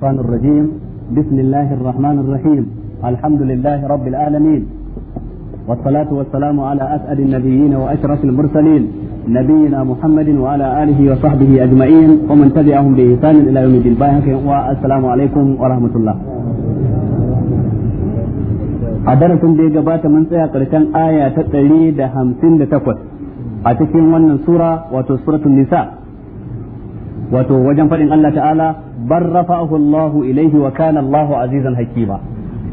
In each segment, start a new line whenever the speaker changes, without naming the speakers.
الشيطان الرجيم بسم الله الرحمن الرحيم الحمد لله رب العالمين والصلاة والسلام على أسأل النبيين وأشرف المرسلين نبينا محمد وعلى آله وصحبه أجمعين ومن تبعهم بإحسان إلى يوم الدين والسلام عليكم ورحمة الله a darasin da ya gabata mun tsaya karshen aya ta ɗari da hamsin da النساء وتو cikin wannan الله تعالى bar rafa'ahu ilaihi wa kana Allah azizan hakima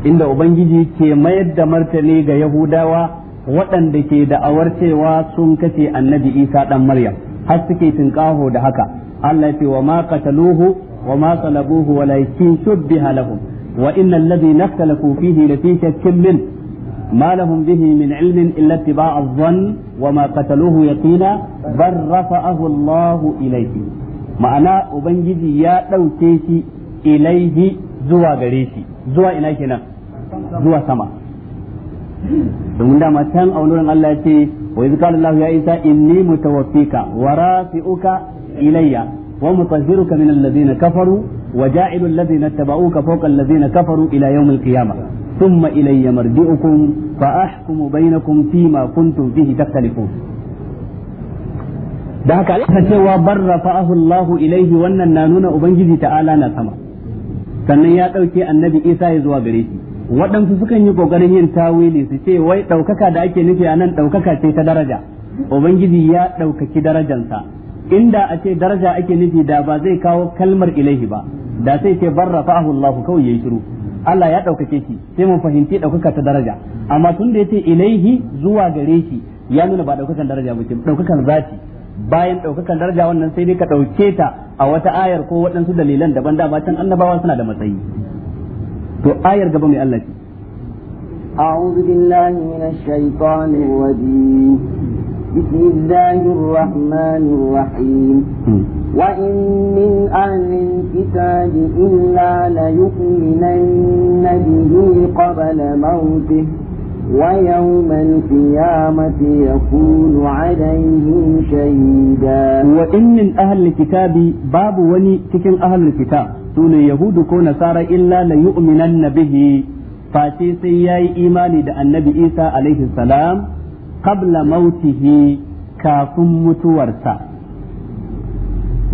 inda ubangiji ke mayar da martani ga yahudawa waɗanda ke da'awar cewa sun kace annabi Isa dan Maryam har suke tinkaho da haka Allah ce wa ma qataluhu wa ma salabuhu walakin shubbiha lahum wa innal ladhina ikhtalafu fihi lafi shakkin min ما لهم به من علم إلا اتباع الظن وما قتلوه يقينا بل رفعه الله إليه ma'ana ubangiji ya ɗauke shi ilaihi zuwa gare shi zuwa ina kenan zuwa sama domin dama can a wurin Allah ce wa iz Allah ya isa inni mutawaffika wa rafi'uka ilayya wa mutahhiruka min alladhina kafaru wa ja'ilu alladhina tabauka fawqa alladhina kafaru ila yawm alqiyamah thumma ilayya marji'ukum fa ahkumu bainakum fima kuntum fihi takhtalifun da haka aka cewa bar rafa'ahu Allahu ilaihi wannan na nuna ubangiji ta'ala na sama sannan ya dauke annabi Isa ya zuwa gare shi waɗansu sukan yi kokarin yin tawili su ce wai daukaka da ake nufi a nan daukaka ce ta daraja ubangiji ya daukaki darajansa inda a ce daraja ake nufi da ba zai kawo kalmar ilaihi ba da sai ce bar rafa'ahu Allahu kawai yayi shiru Allah ya daukake shi sai mun fahimci daukaka ta daraja amma tun da yace ilaihi zuwa gare shi ya nuna ba daukakan daraja ba ce daukakan zati bayan ɗaukakan daraja wannan sai dai ka ɗauke ta a wata ayar ko waɗansu dalilan daban dama can annabawa suna da matsayi to ayar gaba mai Allah ce
أعوذ بالله من الشيطان الرجيم بسم الله الرحمن الرحيم وإن من أهل الكتاب إلا ليؤمنن به قبل موته ويوم القيامة يكون
عليهم شهيدا وإن من أهل الكتاب باب وني تكن أهل الكتاب سون يهود كون صار إلا ليؤمنن به فاتي سياي إيماني دا النبي إيسى عليه السلام قبل موته كافم متورسا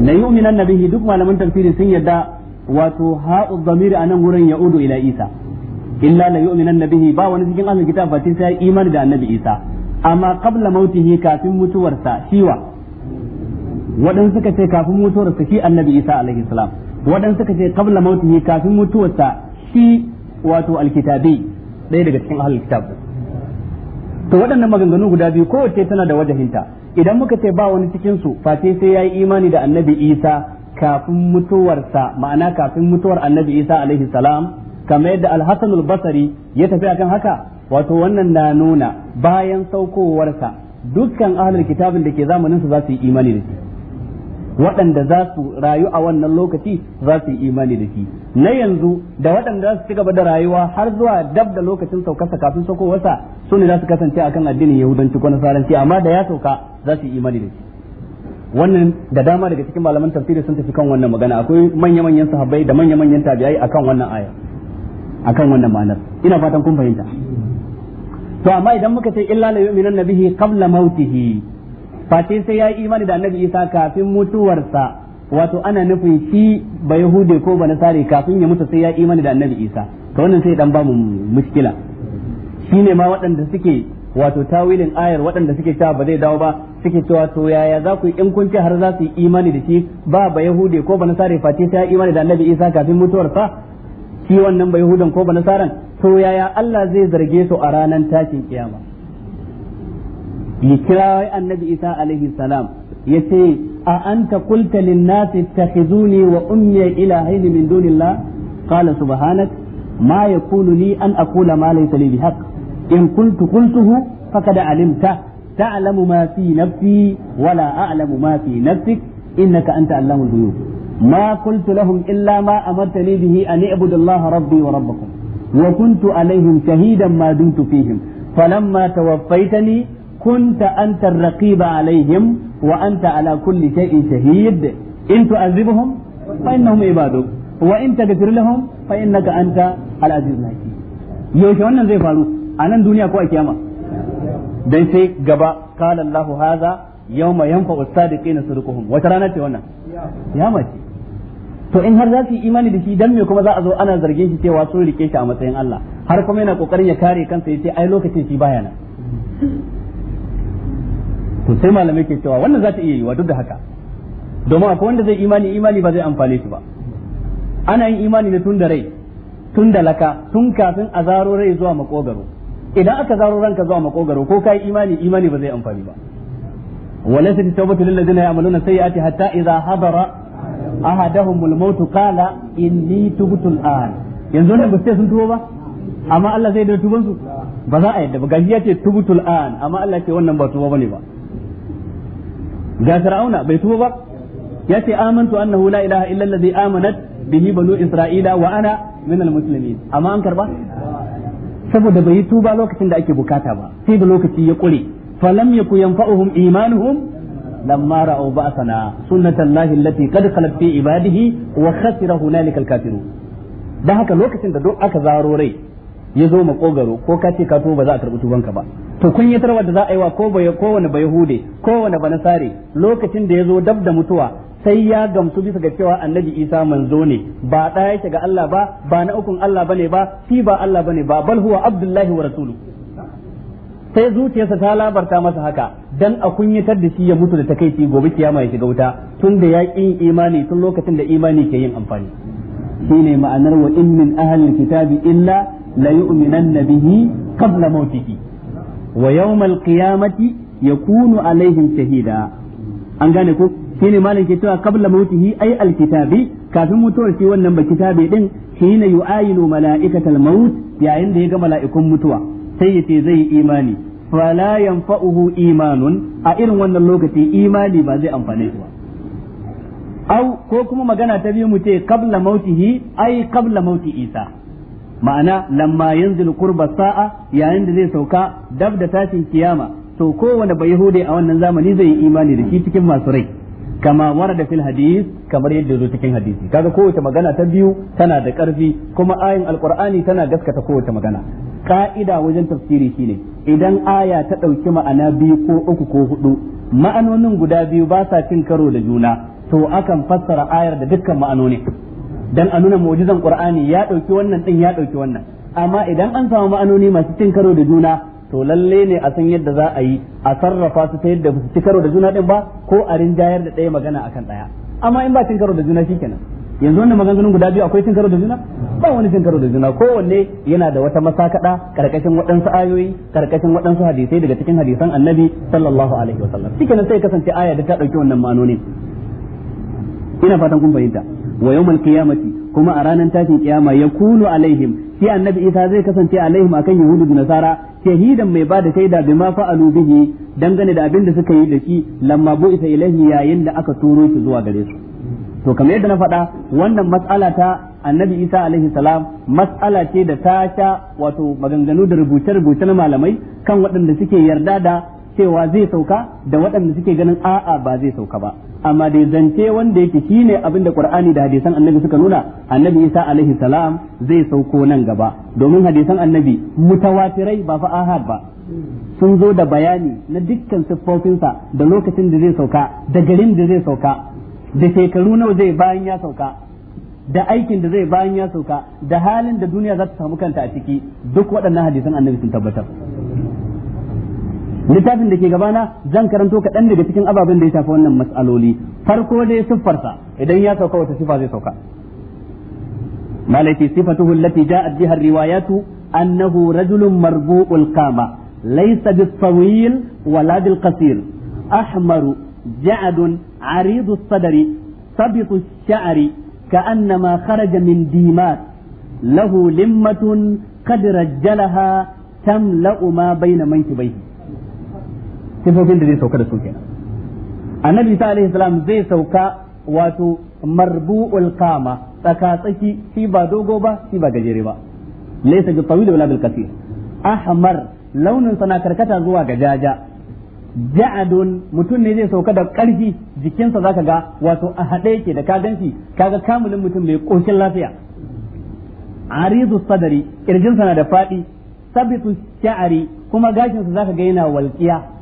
ليؤمنن به دكما لمن تفسير سيدا وتو هاء الضمير أنا مرن يعود إلى إيسى illa la yu'minanna bihi ba wani cikin ahlul kitab fa sai imani da annabi Isa amma qabla mautihi kafin mutuwarsa shiwa waɗansu suka ce kafin mutuwarsa shi annabi Isa alaihi salam waɗansu suka ce qabla mautihi kafin mutuwarsa shi wato alkitabi ɗaya daga cikin ahlul kitab to waɗannan maganganu guda biyu kowace tana da wajahinta idan muka ce ba wani cikin su face sai yayi imani da annabi Isa kafin mutuwarsa ma'ana kafin mutuwar annabi Isa alaihi salam kamar yadda al Basari ya tafi akan haka wato wannan na nuna bayan saukowarsa dukkan ahlul kitabin da ke zamanin su za su yi imani da shi waɗanda za su rayu a wannan lokaci za su yi imani da shi na yanzu da waɗanda za su ci gaba da rayuwa har zuwa dab da lokacin saukarsa kafin saukowarsa su ne za su kasance akan addinin yahudanci ko nasaranci amma da ya sauka za su yi imani da shi wannan da dama daga cikin malaman tafsiri sun tafi kan wannan magana akwai manya-manyan sahabbai da manya-manyan tabi'ai akan wannan aya akan wannan ma'anar ina fatan kun fahimta to amma idan muka ce illa la yu'minu bihi qabla mautihi fatin sai ya yi imani da annabi isa kafin mutuwarsa wato ana nufin shi ba yahude ko ba nasari kafin ya mutu sai ya imani da annabi isa to wannan sai dan bamu muskila shine ma waɗanda suke wato tawilin ayar waɗanda suke cewa ba zai dawo ba suke cewa to yaya za ku in kun ce har za su yi imani da shi ba ba yahude ko ba nasari face sai ya imani da annabi isa kafin mutuwarsa shi wannan bai hudan ko banasaran to yaya Allah zai zarge su a ranar tashin kiyama ya kira annabi Isa alaihi salam yace a anta qulta lin nasi ittakhizuni wa ummi ilahaini min dunillah qala subhanak ma yakunu li an aqula ma laysa li bihaq in kuntu qultuhu faqad alimta ta'lamu ma fi nafsi wala a'lamu ma fi nafsik innaka anta allamul ghuyub ما قلت لهم إلا ما أمرتني به أن اعبدوا الله ربي وربكم وكنت عليهم شهيدا ما دمت فيهم فلما توفيتني كنت أنت الرقيب عليهم وأنت على كل شيء شهيد إن تعذبهم فإنهم عبادك وإن تغفر لهم فإنك أنت العزيز الحكيم yaushe wannan zai faru a nan duniya ko a kiyama dai sai gaba qala Allahu hadha yawma yanfa'u as-sadiqina sirquhum wata rana ce wannan ya mace to in har za su yi imani da shi dan me kuma za a zo ana zargin shi cewa sun rike shi a matsayin Allah har kuma yana kokarin ya kare kansa yace ai lokacin shi baya nan to sai malamai ke cewa wannan za ta iya wa duk da haka domin akwai wanda zai imani imani ba zai amfane shi ba ana yin imani ne tun da rai tun da laka tun kafin a zaro rai zuwa makogaro idan aka zaro ranka zuwa makogaro ko kai imani imani ba zai amfani ba وليست التوبة للذين يعملون السيئات حتى إذا حضر أحدهم الموت قال إني تبت الآن yanzu ne basu sun tuwo ba amma Allah zai da tuban su ba za a yadda ba gaji ya ce tubutul amma Allah ce wannan ba tuba bane ba ga fir'auna bai tuba ba ya ce amantu annahu la ilaha illa allazi amanat bihi banu isra'ila wa ana min amma an saboda bai yi tuba lokacin da ake bukata ba sai da lokaci ya kure falam yaku yanfa'uhum imanuhum lamma ra'aw ba'sana sunnatallahi allati qad khalat fi uwar wa khasira hunalika alkafirun Da haka lokacin da duk aka zaro rai ya zo makogaro ko ka ce ka tuba ba za a karɓi tubanka ba to kun yi tarwa da za a yi wa ko kowane ba yahude kowane ba nasare lokacin da ya zo dab da mutuwa sai ya gamsu bisa ga cewa annabi isa manzo ne ba ɗaya yake ga Allah ba ba na ukun Allah bane ba shi ba Allah bane ba bal huwa abdullahi wa rasuluhu sai zuciyarsa ta labarta masa haka dan a kunyatar da shi ya mutu da takaici gobe kiyama ya shiga wuta tun da yaƙin imani tun lokacin da imani ke yin amfani shine ma'anar wa in min ahlil kitabi illa la yu'minanna bihi qabla mawtihi wa yawmal qiyamati yakunu alaihim shahida an gane ko shine malam ke cewa qabla mawtihi ay alkitabi kafin mutuwar shi wannan ba kitabi din shine yu'ayinu mala'ikatal maut yayin da ya ga mala'ikun mutuwa sai ya ce zai yi imani fala yanfa'uhu imanun a irin wannan lokaci imani ba zai amfane shi ba au ko kuma magana ta biyu mu ce qabla mautihi ai qabla mauti isa ma'ana lamma yanzu qurba sa'a yayin da zai sauka dab da tashin kiyama to kowane bai a wannan zamani zai yi imani da shi cikin masu rai kama da fil hadis kamar yadda zo cikin hadisi kaga kowace magana ta biyu tana da karfi kuma ayin alqur'ani tana gaskata kowace magana ka'ida wajen tafsiri shine idan aya ta dauki ma'ana biyu ko uku ko hudu ma'anonin guda biyu ba sa cin karo da juna to akan fassara ayar da dukkan ma'anoni dan a nuna mu'jizan qur'ani ya dauki wannan din ya dauki wannan amma idan an samu ma'anoni masu cin karo da juna to lalle ne a san yadda za a yi a sarrafa su ta yadda su ci karo da juna din ba ko a rinjayar da ɗaya magana akan ɗaya amma in ba cin karo da juna shikenan yanzu wannan maganganun guda biyu akwai cin karo da juna ba wani cin karo da juna kowanne yana da wata masakada karkashin waɗansu ayoyi karkashin waɗansu hadisai daga cikin hadisan annabi sallallahu alaihi wa wasallam shikenan sai kasance aya da ta ɗauki wannan ma'anonin ina fatan kun fahimta wa yawmal qiyamati kuma a ranar tashin kiyama yakunu alaihim shi annabi isa zai kasance alaihim akan yahudu da nasara shahidan mai ba da shaida bima fa'alu bihi dangane da abin da suka yi da shi lamma bu'isa ilahi yayin da aka turo shi zuwa gare su to kamar yadda na faɗa wannan mas'ala ta annabi isa alaihi salam mas'ala ce da ta sha wato maganganu da rubuce-rubuce na malamai kan waɗanda suke yarda da cewa zai sauka da waɗanda suke ganin a'a ba zai sauka ba amma dai zance wanda yake shine abinda qur'ani da hadisan annabi suka nuna annabi isa alaihi salam zai sauko nan gaba domin hadisan annabi mutawatirai ba fa ahad ba sun zo da bayani na dukkan siffofinsa da lokacin da zai sauka da garin da zai sauka da shekaru nawa zai bayan ya sauka da aikin da zai bayan ya sauka da halin da duniya za ta samu kanta a ciki duk waɗannan hadisan annabi sun tabbatar littafin da ke gabana zan karanto kaɗan daga cikin ababen da ya shafi wannan mas'aloli farko dai siffarsa idan ya sauka wata sifa zai sauka malaki sifatuhu allati ja'at biha riwayatu annahu rajulun marbu'ul kama laysa bit-tawil wala bil-qasir ahmaru ja'dun 'aridu sadri sabitu ash ka'annama kharaja min dimat lahu limmatun qad rajjalaha tamla'u ma bayna mankibaihi sifofin da zai sauka da su kenan annabi isa alaihi salam zai sauka wato marbu'ul kama. tsaka tsaki shi ba dogo ba shi ba gajere ba laysa bi tawil wala bil kasir ahmar launin sana karkata zuwa gajaja. jaja ja'adun mutum ne zai sauka da karfi jikinsa zaka ga wato a hade yake da ka ganci kaga kamulin mutum mai koshin lafiya aridu sadari kirjinsa na da faɗi sabitu sha'ari kuma gashinsa zaka ga yana walƙiya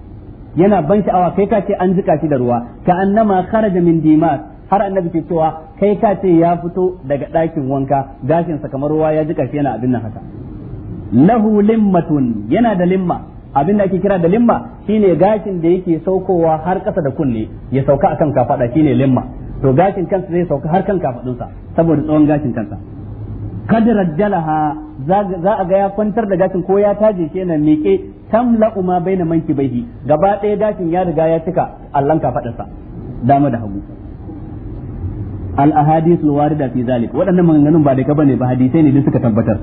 yana ban sha'awa kai ka ce an jika shi da ruwa ka annama kharaja min dimas har annabi ke cewa kai ka ce ya fito daga ɗakin wanka gashin sa kamar ruwa ya jika shi yana abin nan haka lahu limmatun yana da limma abin da ake kira da limma shine gashin da yake saukowa har ƙasa da kunne ya sauka akan kafada shine limma to gashin kansa zai sauka har kan kafadunsa saboda tsawon gashin kansa kadar Jalaha za a ga ya kwantar da gashin ko ya taje shi yana miƙe tamla ma baina manki baihi gaba ɗaya dakin ya riga ya cika allan ka fadarsa dama da hagu al ahadith al warida fi zalik waɗannan maganganun ba da ka bane ba hadisai ne da suka tabbatar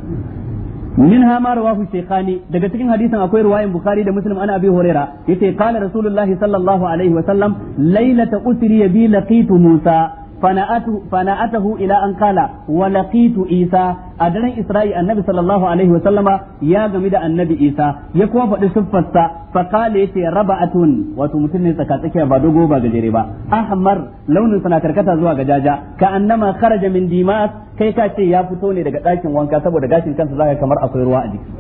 Min ha ma rawahu shaykhani daga cikin hadisin akwai riwayan bukhari da muslim ana abi huraira yace qala rasulullahi sallallahu alaihi wa sallam laylata usri bi laqitu musa fana'atu fana'atahu ila an qala wa laqitu isa a daren Isra'i annabi sallallahu alaihi wa sallama ya gami da annabi Isa ya kuma faɗi siffarsa fa qala raba raba'atun wato mutum ne tsaka tsakiya ba dogo ba gajere ba ahmar launin sa na karkata zuwa ga jaja ka annama kharaja min dimas kai ka ce ya fito ne daga ɗakin wanka saboda gashin kansa zaka kamar akwai ruwa a jiki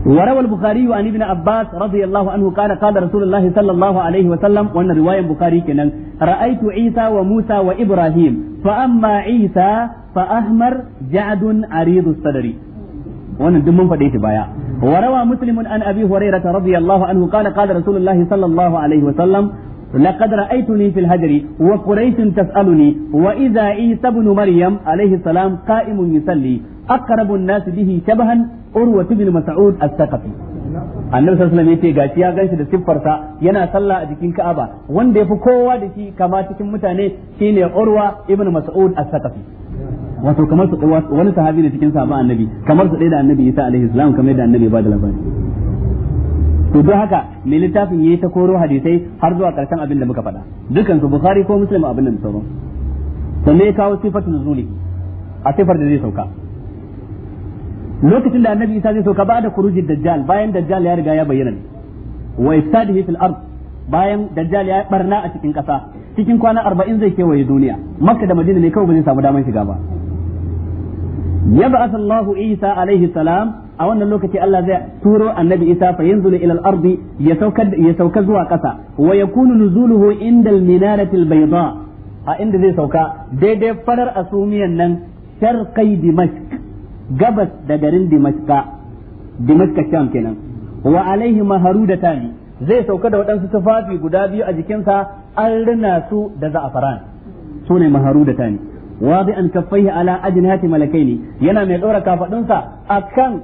وروى البخاري عن ابن عباس رضي الله عنه قال قال رسول الله صلى الله عليه وسلم وان روايه البخاري كنن رايت عيسى وموسى وابراهيم فاما عيسى fa Ahmad ja'dun aridu sadari wannan duk mun faɗe shi baya wa rawa muslim an abi hurairah radiyallahu anhu qala kala rasulullah sallallahu alaihi wa sallam لقد رأيتني في الهجر وقريش تسألني وإذا عيسى بن مريم عليه السلام قائم يصلي أقرب الناس به شبها أروة بن مسعود الثقفي annabi sallallahu alaihi wasallam gashi ya ganshi da siffarsa yana sallah a jikin Ka'aba wanda yafi kowa da shi kama cikin mutane shine Urwa ibn Mas'ud as-Saqafi wato kamar su wani sahabi ne cikin sahabban annabi kamar su da annabi Isa alaihi salam kamar da annabi ba da labari to don haka me littafin yayi ta koro hadisai har zuwa karshen abin da muka faɗa dukan su Bukhari ko Muslim abin da sauran sannan ya kawo sifatul nuzuli a sifar da zai sauka lokacin da annabi isa zai sauka ba da kurujin dajjal bayan dajjal ya riga ya bayyana wa istadihi fil ard bayan dajjal ya barna a cikin kasa cikin kwana 40 zai kewaye duniya makka da madina ne kawai ba zai samu damar shiga ba ya Allah Isa alaihi salam a wannan lokaci Allah zai turo annabi Isa fa yanzulu ila al-ard ya sauka ya sauka zuwa kasa wa yakunu nuzuluhu inda al-minarati al-bayda a inda zai sauka daidai farar asumiyan nan sharqai dimashq gabas da garin Dimaska, Dimaska Sham kenan, wa alaihi maharu da tani zai sauka da waɗansu tufafi guda biyu a jikinsa an rina su da za'afaran su ne maharu da wa bi an kaffaihi ala ajnati malakai ne yana mai ɗora kafaɗinsa a kan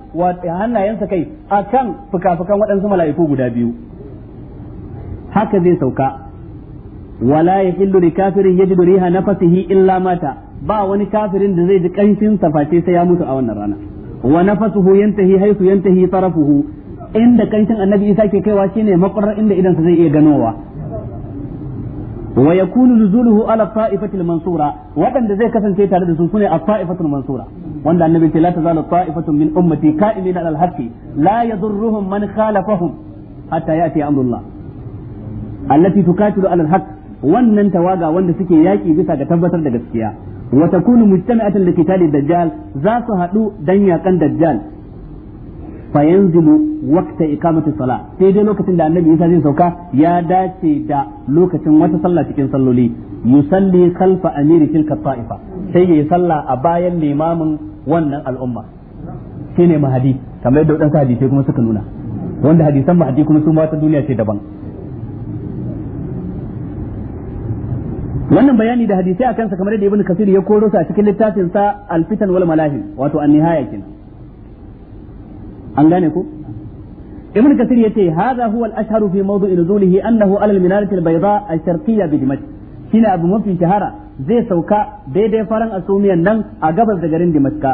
hannayensa kai a kan fuka waɗansu mala'iku guda biyu haka zai sauka wala ya hillu kafirin yajidu na nafasihi illa mata ba wani kafirin da zai ji kanshin sa face sai ya mutu a wannan rana wa nafasuhu yantahi haythu yantahi tarafuhu inda kanshin annabi Isa ke kaiwa shine makurar inda idan sa zai iya ganowa wa yakunu nuzuluhu ala ta'ifatil mansura wadanda zai kasance tare da su sune a ta'ifatul mansura wanda annabi ce la tazalu ta'ifatun min ummati qa'imina alhaki. al-haqqi la yadurruhum man khalafahum hatta ya'ti amrullah allati tukatilu al-haqq wannan tawaga wanda suke yaki bisa ga tabbatar da gaskiya wa takunu mujtama'atan li qitali dajjal za su hadu dan yakan dajjal fa yanzilu waqta iqamati salat sai dai lokacin da annabi Isa zai sauka ya dace da lokacin wata sallah cikin salloli yusalli khalfa amiri tilka ta'ifa sai yayi sallah a bayan limamin wannan al'umma shine mahadi kamar yadda wadansu hadisi kuma suka nuna wanda hadisan mahadi kuma su ma ta duniya ce daban wannan bayani da hadisai a sa kamar da Ibn kasir ya koro sa cikin littafin sa al-fitan wal malahim wato an-nihaya kenan an gane ko ibnu kasir yace hadha huwa al-ashharu fi mawdu'i nuzulihi annahu ala al a al-bayda al-sharqiyya bi dimashq shine abu mafi shahara zai sauka daidai faran asumiyan nan a gabas da garin dimashq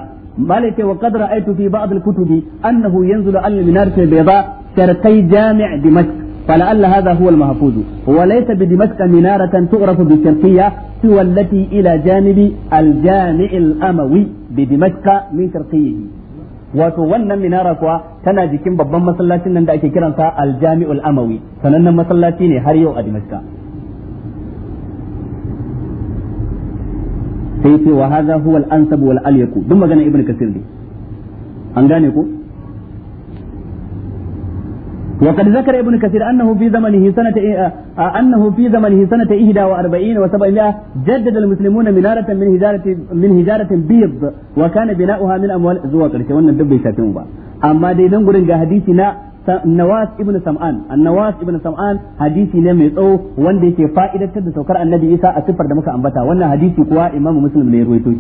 fi وقد رأيت في بعض الكتب yanzu ينزل على المنارة البيضاء شرقي جامع دمشق فلعل هذا هو المحفوظ وليس بدمشق منارة تعرف بالشرقية سوى التي إلى جانب الجامع الأموي بدمشق من شرقيه wato wannan minara kuwa tana jikin babban masallacin nan da ake kiransa aljami'ul amawi sanannen masallaci ne har yau a dimashka sai ce wa hadha huwa al-ansab wal alyaku duk magana ibnu kasir ne an gane ko وقد ذكر ابن كثير أنه في زمنه سنة إيه أنه في زمنه سنة 41 و700 جدد المسلمون منارة من هجارة من هجارة بيض وكان بناؤها من أموال زوا كرشة وأن الدب يشاتون با أما دي ننقل حديثنا نواس ابن سمعان النواس ابن سمعان حديثي ne mai tsawo wanda yake fa'idantar da saukar annabi Isa a sifar da muka ambata wannan hadisi kuwa Imam Muslim ne ya ruwaito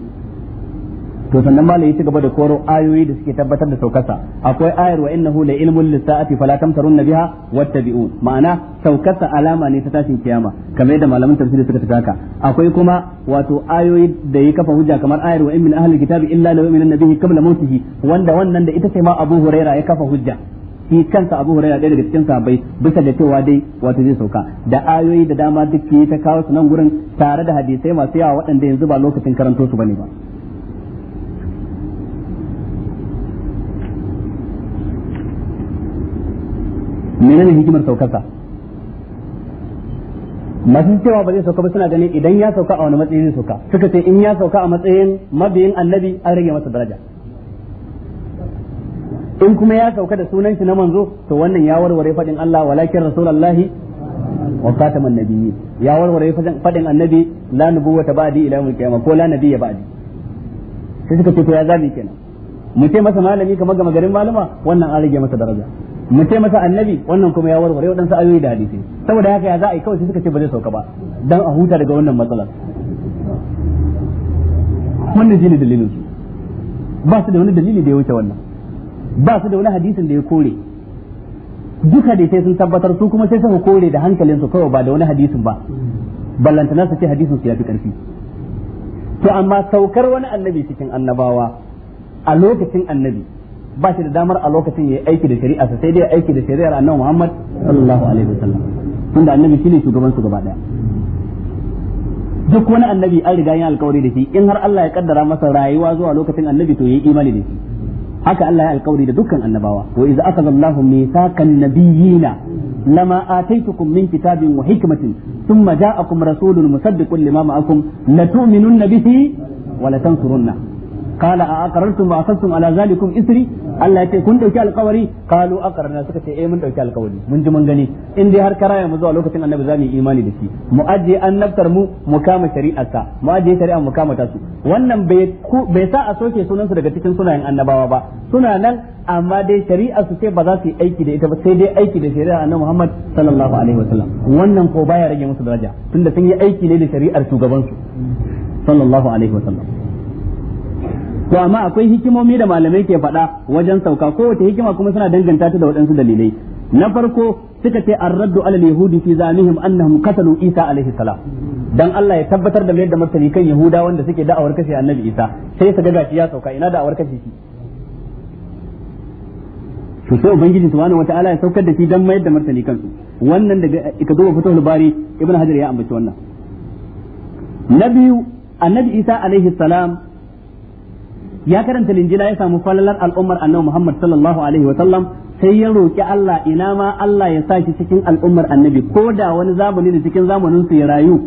to sannan malai ya ci gaba da koro ayoyi da suke tabbatar da saukarsa akwai ayar wa innahu la ilmun lisaati fala tamtarun biha wattabi'u ma'ana saukarsa alama ne ta tashin kiyama kamar yadda malaman tafsiri suka tafi haka akwai kuma wato ayoyi da ya kafa hujja kamar ayar wa in min ahli kitabi illa la yu'minu bihi qabla mawtihi wanda wannan da ita ce ma Abu Huraira ya kafa hujja shi kansa Abu Huraira ɗaya daga cikin sahabbai bisa da cewa dai wato zai sauka da ayoyi da dama duk ta kawo su nan gurin tare da hadisai masu yawa waɗanda yanzu ba lokacin karanto su bane ba menene hikimar saukarsa masu cewa ba zai sauka ba suna ganin idan ya sauka a wani matsayi zai sauka suka ce in ya sauka a matsayin mabiyin annabi an rage masa daraja in kuma ya sauka da sunan shi na manzo to wannan ya warware fadin Allah walakin rasulullahi wa khataman nabiyyi ya warware fadin annabi la nubuwata ba'di ila yawmil qiyamah ko la nabiyya ba'di sai suka ce to ya zabi kenan mu ce masa malami kamar ga magarin malama wannan an rage masa daraja mu ce masa annabi wannan kuma ya warware waɗansu ayoyi da hadisi saboda haka ya za a yi kawai suka ce ba zai sauka ba don a huta daga wannan matsalar wannan jini dalilin su ba su da wani dalili da ya wuce wannan ba su da wani hadisin da ya kore duka da sai sun tabbatar su kuma sai suka kore da hankalin su kawai ba da wani hadisin ba ballantana su ce hadisin su ya fi karfi to amma saukar wani annabi cikin annabawa a lokacin annabi ba shi da damar a lokacin ya aiki da shari'a sai dai aiki da shari'ar annabi Muhammad sallallahu alaihi wasallam tunda annabi shine shugaban su gaba daya duk wani annabi an riga yin alkawari da shi in har Allah ya kaddara masa rayuwa zuwa lokacin annabi to yayi imani da shi haka Allah ya alkawari da dukkan annabawa wa aka akhadha Allahu mithaqan nabiyyina lama ataitukum min kitabin wa hikmatin thumma ja'akum rasulun musaddiqun lima ma'akum latu'minunna bihi wa latansurunna qala a aqrartum wa aqadtum ala zalikum isri Allah ya ce kun dauki alƙawari qalu aqrarna suka ce eh mun dauki alƙawari mun ji mun gani in dai har karaya mu zuwa lokacin annabi zamu yi imani da shi mu ajiye annabtar mu mu kama shari'arsa mu ajiye shari'a mu kama ta su wannan bai sa a sauke sunansu su daga cikin sunayen annabawa ba suna nan amma dai shari'a su ce ba za su yi aiki da ita ba sai dai aiki da shari'a annabi Muhammad sallallahu alaihi wasallam wannan ko baya rage musu daraja tun da sun yi aiki ne da shari'ar shugabansu sallallahu to amma akwai hikimomi da malamai ke faɗa wajen sauka kowace hikima kuma suna danganta ta da waɗansu dalilai na farko suka ce ar-raddu ala yahudi fi zamihim annahum qatalu Isa alaihi salam dan Allah ya tabbatar da mai da martani kan Yahuda wanda suke da'awar kashe Annabi Isa sai su ga gashi ya sauka ina da'awar kashe shi to sai ubangiji subhanahu wataala ya saukar da shi dan mayar da martani kansu wannan daga eh, ka duba fatuhul bari ibnu hajar ya ambaci wannan na biyu annabi isa alaihi salam ya karanta linjila ya samu falalar al'ummar annabi Muhammad sallallahu alaihi wa sallam sai ya roki Allah ina ma Allah ya sa shi cikin al'ummar annabi ko da wani zamani da cikin zamanin su ya rayu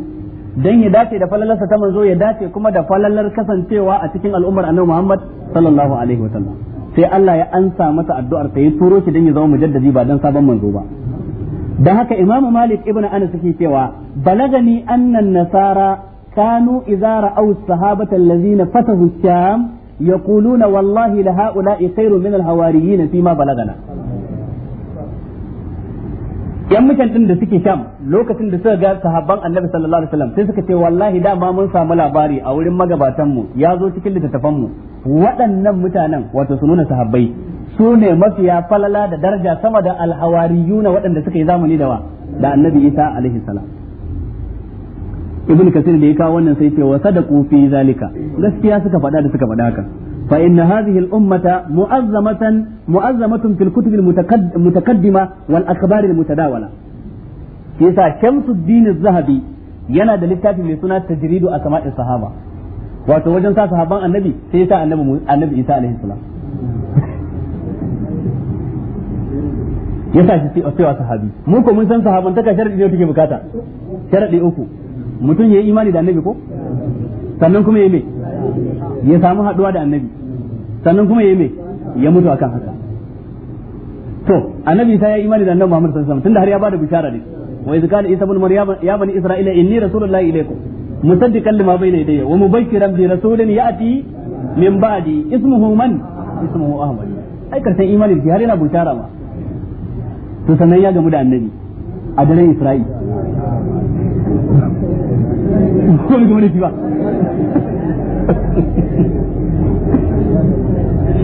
dan ya dace da falalarsa ta manzo ya dace kuma da falalar kasancewa a cikin al'ummar annabi Muhammad sallallahu alaihi wa sallam sai Allah ya ansa masa addu'ar sa ya turo shi dan ya zama mujaddadi ba dan sabon manzo ba Da haka Imam Malik ibn Anas yake cewa balagani annan nasara kanu idza ra'aw as-sahabata allazina fatahu يقولون والله لهؤلاء خير من الحواريين فيما بلغنا yan mutanen da suke sham lokacin da suka ga sahabban annabi sallallahu alaihi wasallam sai suka ce wallahi dama mun samu labari a wurin magabatan mu ya zo cikin littattafan mu waɗannan mutanen wato su nuna sahabbai su ne mafiya falala da daraja sama da alhawariyuna waɗanda suka yi zamani da wa da annabi isa alaihi salam ibn kasir da ya kawo wannan sai ce wa sadaqu fi zalika gaskiya suka faɗa da suka faɗa haka fa inna hadhihi al ummata mu'azzamatan mu'azzamatun fil kutub al mutaqaddima wal akhbar al mutadawala shi yasa Shamsuddin zahabi yana da littafi mai suna tajridu asma'is sahaba wato wajen sa sahaban annabi sai ya sa annabi annabi Isa alaihi salam yasa shi sai sahabi mu ko mun san sahaban taka sharadi ne take bukata sharadi uku mutum ya yi imani da annabi ko sannan kuma ya me ya samu haduwa da annabi sannan kuma ya me ya mutu akan haka to annabi ta ya imani da annabi Muhammad sallallahu alaihi wasallam tunda har ya bada bishara ne wa iz kana isa ibn maryam ya bani isra'ila inni rasulullahi ilaykum musaddiqan lima bayna yadayya wa mubashiran bi rasulin ya'ti min ba'di ismuhu man ismuhu ahmad ai karshen imanin ki har yana bishara ma to sannan ya gamu da annabi a daren isra'ila ko ne gwamnati ba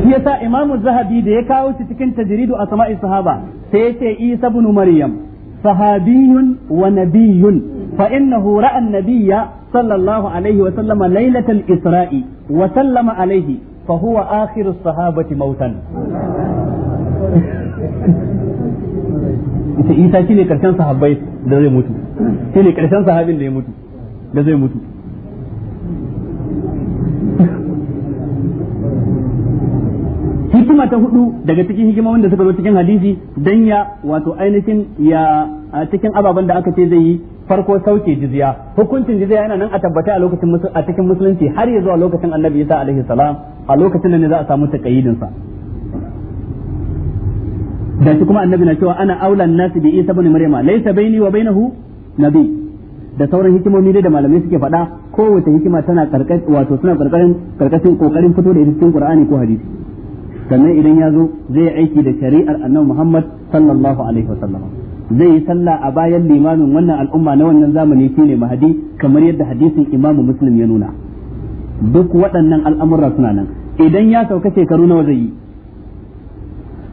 shi yasa imamu zahabi da ya kawo shi cikin tajridu a sama'i sahaba sai yace isa ibn maryam sahabiyun wa nabiyun fa innahu ra'a an-nabiyya sallallahu alaihi wa sallama lailatal isra'i wa sallama alaihi huwa sahabati mautan ita isa shine da zai ya mutu da zai mutu hikima ta hudu daga cikin hikimomin da suka zo cikin hadisi dan ya wato ainihin ya a cikin ababen da aka ce zai yi farko sauke jizya hukuncin jizya yana nan a tabbata a lokacin a cikin musulunci har ya zuwa lokacin annabi isa alaihi salam a lokacin ne za a samu taqayidin sa da shi kuma annabi na cewa ana aulan nasi bi isa ibn maryama laysa baini wa bainahu nabi da sauran hikimomi dai da malamai suke faɗa kowace hikima tana karkashin wato suna karkashin karkashin kokarin fito da ita cikin Qur'ani ko hadisi sannan idan ya zo zai yi aiki da shari'ar Annabi Muhammad sallallahu alaihi wasallam zai yi sallah a bayan limamin wannan al'umma na wannan zamani shine mahadi kamar yadda hadisin Imam Muslim ya nuna duk waɗannan al'amura suna nan idan ya sauka shekaru nawa zai yi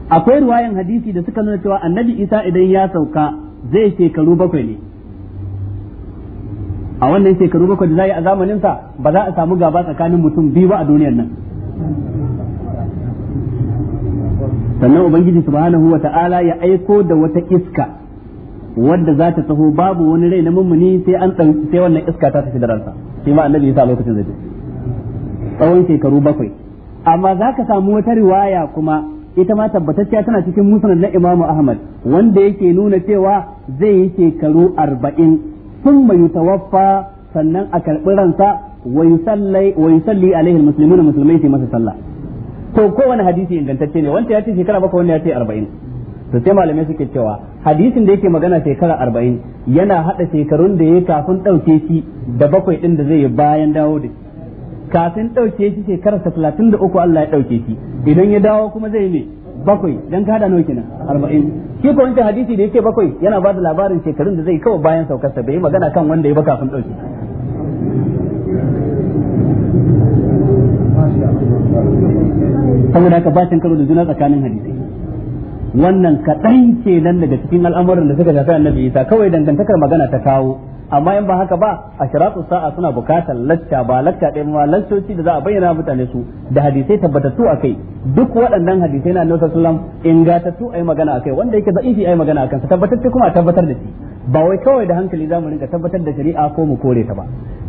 akwai ruwayan hadisi da suka nuna cewa Annabi Isa idan ya sauka zai shekaru bakwai ne a wannan shekaru bakwai da za yi a zamanin sa ba za a samu gaba tsakanin mutum biyu ba a duniyar nan sannan ubangiji subhanahu wa ta'ala ya aiko da wata iska wadda za ta taho babu wani rai na mummuni sai an sai wannan iska ta tafi da ransa shi ma annabi yasa lokacin zai tsawon shekaru bakwai amma za ka samu wata riwaya kuma ita ma tabbatacciya tana cikin musnad na imamu Ahmad wanda yake nuna cewa zai yi shekaru arba'in Sun thumma yutawaffa sannan a karɓi ransa wa yusalli wa yusalli alaihi almuslimuna musulmai sai masa sallah to kowane hadisi ingantacce ne wanda ya ce shekara baka wanda ya ce 40 to sai malamai suke cewa hadisin da yake magana shekara 40 yana hada shekarun da yake kafin dauke shi da bakwai din da zai yi bayan dawo da kafin dauke shi shekarar 33 Allah ya dauke shi idan ya dawo kuma zai ne bakwai dan ka hada nawa kenan arba'in shi ko wancan hadisi da yake bakwai yana ba da labarin shekarun da zai kawo bayan saukar sa bai yi magana kan wanda ya baka kafin dauke saboda haka ba karo da juna tsakanin hadisi wannan kaɗan kenan daga cikin al'amuran da suka shafi annabi isa kawai dangantakar magana ta kawo amma in ba haka ba a shiratu sa'a suna bukatar lacca ba lacca ɗaya ma laccoci da za a bayyana mutane su da hadisai tabbatattu a kai duk waɗannan hadisai na annabi sallallahu alaihi wasallam ingatattu ayi magana kai wanda yake da'ifi yi magana a kansa tabbatacce kuma a tabbatar da shi ba wai kawai da hankali za mu rinka tabbatar da shari'a ko mu kore ta ba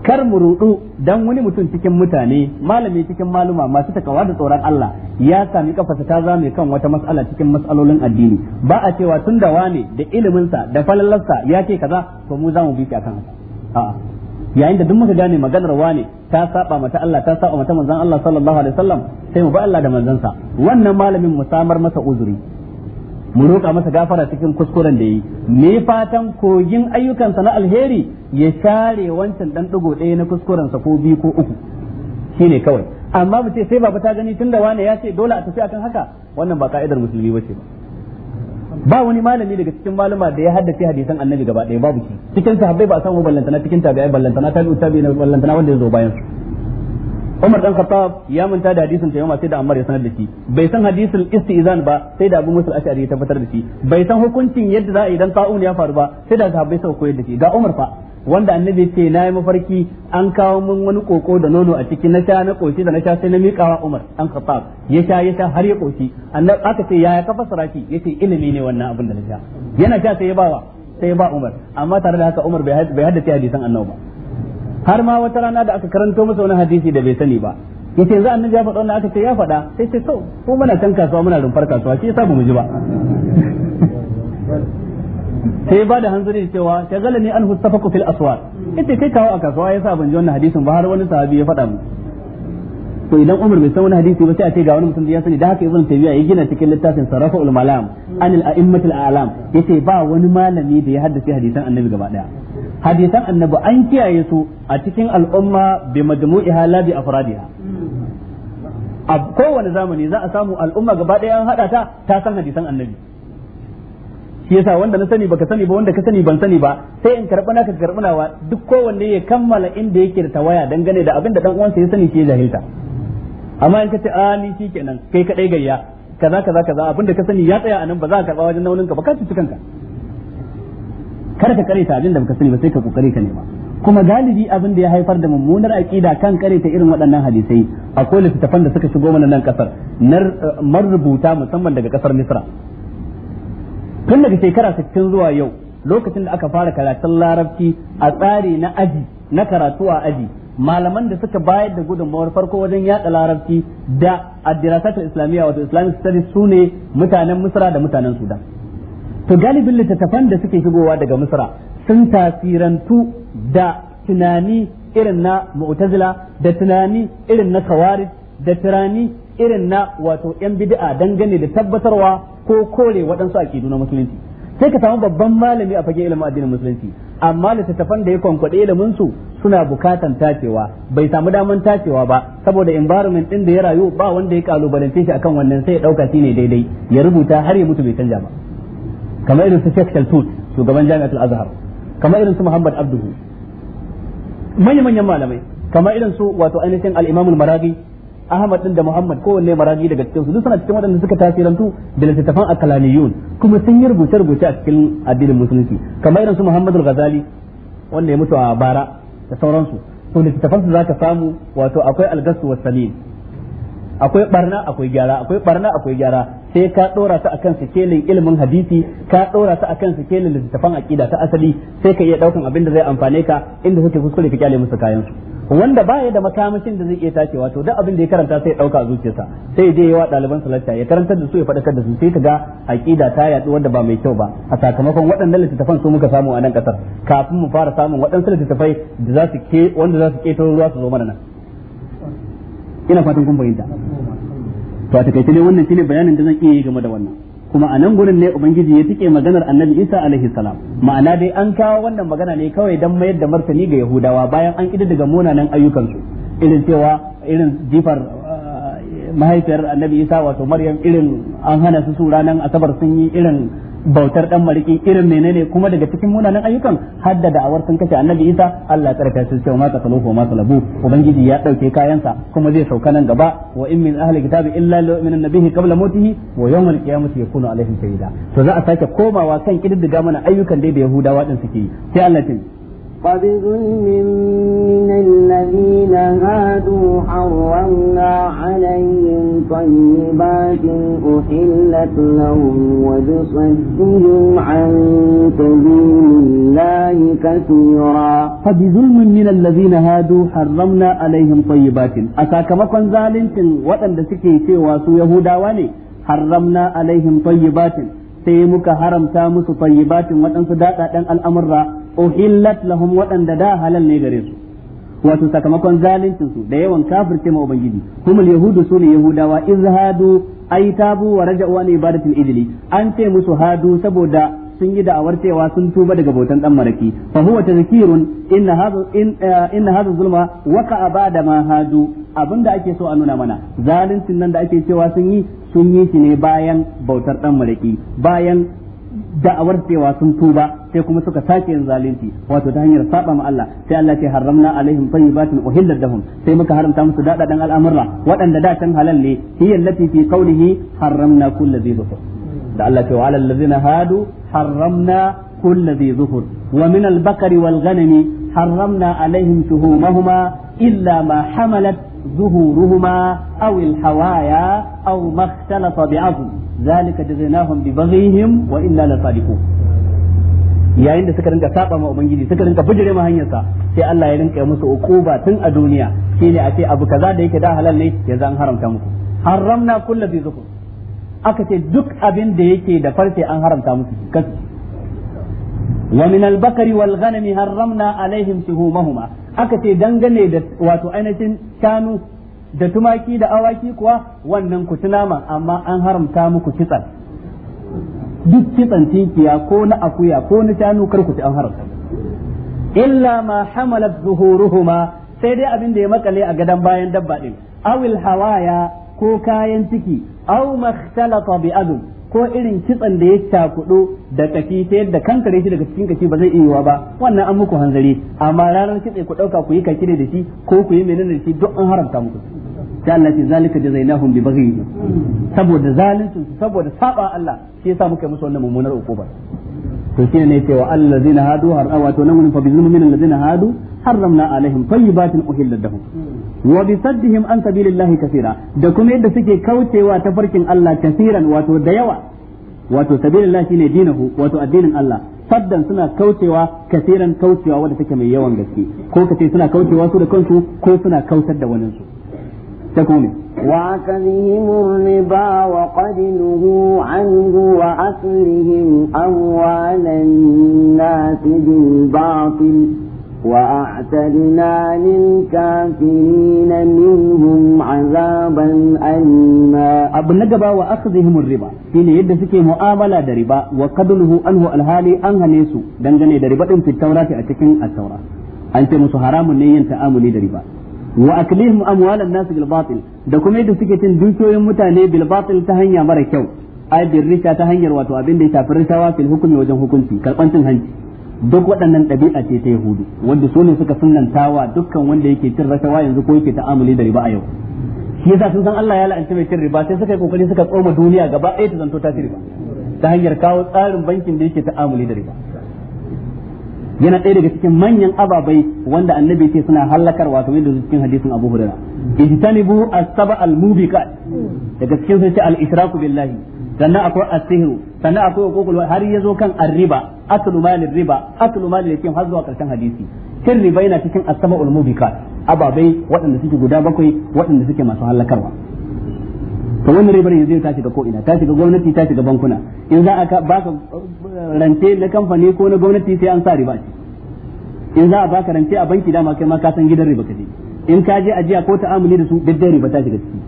kar mu rudu dan wani mutum cikin mutane malami cikin maluma masu takawa da tsoron Allah ya sami kafasa ta zame kan wata mas'ala cikin mas'alolin addini ba a cewa tun da wane da ilimin sa da falalarsa ya ce kaza to mu za mu bi shi akan yayin da duk muka gane maganar wane ta saba mata Allah ta saba mata manzon Allah sallallahu alaihi wasallam sai mu ba Allah da manzon sa wannan malamin mu samar masa uzuri mu roƙa masa gafara cikin kuskuren da yi ni fatan kogin ayyukansa na alheri ya share wancan dan digo ɗaya na kuskuren sa ko biyu ko uku shine kawai amma mu ce sai baba ta gani tunda wani ya ce dole a tafi akan haka wannan ba ka'idar musulmi ba ce. ba wani malami daga cikin malama da ya haddace hadisan annabi gaba ɗaya babu shi cikin sahabbai ba a samu ballantana cikin tabi'ai ballantana tabi'u tabi'ina ballantana wanda ya zo bayan su Umar dan Khattab ya manta da hadisin tayammum sai da Ammar ya sanar da shi bai san hadisin istizan ba sai da Abu Musa al-Ash'ari ya tabbatar da shi bai san hukuncin yadda za a idan ta'un ya faru ba sai da sahabbai sai koyar da shi ga Umar fa wanda annabi ce na yi mafarki an kawo min wani koko da nono a ciki na sha na koshi da na sha sai na wa Umar dan khattab ya sha ya sha har ya koshi annabi aka ce yaya ka fassara shi yace ilimi ne wannan abin da na sha yana sha sai ya bawa sai ya ba Umar amma tare da haka Umar bai haddace hadisin annabi ba har ma wata rana da aka karanto masa wani hadisi da bai sani ba yace za annabi ya faɗa wannan aka ce ya faɗa sai sai to ko muna can kasuwa muna rumfar kasuwa shi yasa mu ji ba sai ba da hanzari cewa shagala ne an hustafaku fil aswar yace kai kawo a kasuwa yasa ban ji wannan hadisin ba har wani sahabi ya faɗa mu to idan Umar bai san wani hadisi ba sai a ce ga wani mutum da ya sani da haka Ibn Taymiyyah ya gina cikin littafin ul Malam an a'immatil a'lam yace ba wani malami da ya haddace hadisan Annabi gaba daya hadisan annabi an kiyaye su a cikin al'umma bi majmu'iha la bi afradiha a kowane zamani za a samu al'umma gaba ɗaya an hada ta ta san hadisan annabi shi yasa wanda na sani baka sani ba wanda ka sani ban sani ba sai in karɓi naka karɓi nawa duk kowanne ya kammala inda yake da tawaya dangane da abin da dan uwansa ya sani shi ya jahilta amma in ka ce a ah, ni shi kenan kai kaɗai gayya kaza kaza kaza abin ka sani ya tsaya anan ba za ka karɓa wajen nauninka ba ka ci cikanka kar ka ta abin da baka sani ba sai ka kokari ka nema kuma galibi abin da ya haifar da mummunar aqida kan ta irin waɗannan hadisai akwai littafan da suka shigo mana nan kasar eh, marubuta musamman daga kasar Misra tun daga shekara 60 zuwa yau lokacin da aka fara karatun larabci a tsari na aji na karatu a aji malaman da suka bayar da gudunmawar farko wajen yada larabci da addirasatul islamiyya wato islamic studies sune mutanen misra da mutanen sudan to galibin littattafan da suke shigowa daga misra sun tasirantu da tunani irin na mu'tazila da tunani irin na khawarij da tunani irin na wato yan bid'a dangane da tabbatarwa ko kore waɗansu aƙidu na musulunci sai ka samu babban malami a fage ilimin addinin musulunci amma littattafan da ya kwankwaɗe ilimin su suna bukatan tacewa bai samu daman tacewa ba saboda environment din da ya rayu ba wanda ya kalubalance shi akan wannan sai ya dauka shine daidai ya rubuta har ya mutu bai canja ba kamar irin su Sheikh shugaban Jami'atul Azhar kamar irin su Muhammad Abduhu manyan manyan malamai kamar irin su wato ainihin al-Imam al Ahmad din da Muhammad kowanne maragi daga cikin su duk suna cikin waɗanda suka tasirantu da littattafan akalaniyun kuma sun yi rubuce rubuce a cikin addinin musulunci kamar irin su Muhammad al-Ghazali wanda ya mutu a bara da sauransu to littattafan su zaka samu wato akwai al-Ghasl Salim akwai barna akwai gyara akwai barna akwai gyara sai ka dora ta akan sikelin ilimin hadisi ka dora ta akan sikelin littafan aqida ta asali sai ka iya daukan abin da zai amfane ka inda suke kuskure ka kyale musu kayan su wanda baya da makamashin da zai iya tacewa to duk abin da ya karanta sai ya dauka a zuciyarsa sai ya je yawa ɗaliban salata ya karantar da su ya faɗakar da su sai ka ga aqida ta yaɗu wanda ba mai kyau ba a sakamakon waɗannan littattafan su muka samu a nan ƙasar kafin mu fara samun waɗansu littattafai da za su ke wanda za su ƙetare ruwa su zo mana nan ina fatan kun fahimta to a takaice ne wannan shine bayanin da zan iya yi game da wannan kuma a nan gurin ne ubangiji ya tike maganar annabi isa alaihi salam ma'ana dai an kawo wannan magana ne kawai dan mayar da martani ga yahudawa bayan an kidda daga munanan ayyukansu irin cewa irin jifar eh, mahaifiyar annabi isa wato maryam irin an hana su su ranar asabar sun yi irin bautar dan mariki irin menene kuma daga cikin munanan ayyukan hadda a sun kashe annabi isa Allah tsarka su cewa ma qataluhu ma talabu ubangiji ya dauke kayansa kuma zai sauka nan gaba wa in min ahli kitabi illa min nabihi qabla mautihi wa yawm al-qiyamati yakunu alaihim shahida to za a sake komawa kan kididdiga mana ayyukan dai da yahudawa din suke sai Allah ya
فبظلم من الذين هادوا حرمنا عليهم طيبات أحلت لهم وبصدهم عن سبيل الله
كثيرا فبظلم من الذين هادوا حرمنا عليهم طيبات أساكمكم ذلك وأن سكي سوى يهودا ولي حرمنا عليهم طيبات sai muka haramta musu tayyibatin waɗansu daɗaɗen al'amurra uhillat lahum waɗanda da halal ne gare su wato sakamakon zalincin su da yawan kafirce ma ubangiji humul yahudu sune yahudawa izhadu ay tabu wa raja'u an ibadatil ijli an ce musu hadu saboda sun yi da'awar cewa sun tuba daga bautan dan maraki fa huwa tadhkirun inna hadha eh, inna hadha zulma waqa'a ba'da ma hadu abinda ake so a nuna mana zaluncin nan da ake cewa sun yi sun yi shi ne bayan bautar dan maraki bayan da'awar cewa sun tuba sai kuma suka sake yin zalunci wato ta hanyar saba ma Allah sai Allah ce haramna alaihim tayyibatin uhillat lahum sai muka haramta musu dadadan al'amura waɗanda da can halal ne hiya allati fi qawlihi haramna kulli dhi da Allah ce wa alal ladzina hadu haramna kulli dhi wa min al bakari wal ghanami haramna alaihim tuhumahuma illa ma hamalat ظهورهما أو الحوايا أو ما اختلط بعظم ذلك جزيناهم ببغيهم وإلا لصادقون yayin da suka rinka saba ma ubangiji suka rinka bijire ma hanyarsa sai Allah ya rinka musu ukuba tun a duniya shine a ce abu kaza da yake da halal ne yanzu an haramta muku haramna kullu bi zukur aka ce duk abin da yake da farce an haramta muku kasu wa min al-bakari wal ghanami haramna alaihim tuhumahuma aka ce dangane da wato ainihin shanu da tumaki da awaki kuwa wannan ku tunama amma an haramta muku kitsan duk kitsan tinkiya ko na akuya ko na shanu kar ku ci an haramta illa ma hamalat zuhuruhuma sai dai abin da ya makale a gadan bayan dabba din awil hawaya ko kayan ciki aw makhtalata bi adum ko irin kitsan da ya cakudu da kafi ta yadda kankare shi daga cikin kafi ba zai iya ba wannan an muku hanzari amma ranar kitse ku dauka ku yi kake da shi ko ku yi menene da shi duk an haramta muku sai Allah ce zalika jazainahum bi baghyi saboda zaluncin su saboda saba Allah shi yasa muka musu wannan mummunar ukuba to shine ne cewa allazina hadu har wato nan fa bi zulmin allazina hadu harramna alaihim tayyibatin uhillat lahum wa bi saddihim an sabilillahi kaseera da kuma yadda suke kaucewa ta farkin Allah kaseeran wato da yawa wato sabilillahi shine dinahu wato addinin Allah saddan suna kaucewa kaseeran kaucewa wanda take mai yawan gaske ko kace suna kaucewa su da kansu ko suna kautar da waninsu su تكون
وأكلهم الربا وقد نهوا عنه وأكلهم أموال الناس بالباطل وأعتدنا للكافرين
منهم عذابا أليما أبو نجبا وأخذهم الربا في يد سكي مؤاملة دربا وقبله أنه الهالي أنها نيسو دنجني دربا في التوراة أتكين التوراة أنت مسو حرام نيين تآملي دربا wa aklihim amwalan nas bil batil da kuma yadda suke cin dukiyoyin mutane bil batil ta hanya mara kyau ai bil risha ta hanyar wato abin da ya tafi rishawa fil hukumi wajen hukunci karban hanci duk waɗannan ɗabi'a ce ta yahudu wanda su ne suka sunnantawa dukkan wanda yake cin rashawa yanzu ko yake ta'amuli da riba a yau shi yasa sun san Allah ya la'anci mai cin riba sai suka yi kokari suka tsoma duniya gaba ɗaya ta zanto ta riba ta hanyar kawo tsarin bankin da yake ta'amuli da riba yana ɗaya daga cikin manyan ababai wanda annabi ce suna halakarwa kamar yadda cikin hadisin Abu Hurairah ijtanibu as-saba al-mubiqat daga cikin sun ce al israku billahi sannan akwai as-sihru sannan akwai kokul har yazo kan ar-riba aslu riba aslu da yakin har zuwa karshen hadisi cin riba yana cikin as-saba al-mubiqat ababai waɗanda suke guda bakwai waɗanda suke masu halakarwa to wannan ribar yanzu ta shiga ko ina ta shiga gwamnati ta shiga bankuna in za a baka uh, rance na kamfani ko na gwamnati sai an sa riba ce in za a baka rance a banki dama kai ma ka san gidan riba kaje in ka je ajiya ko ta'amuli da su daddare riba ta shiga ciki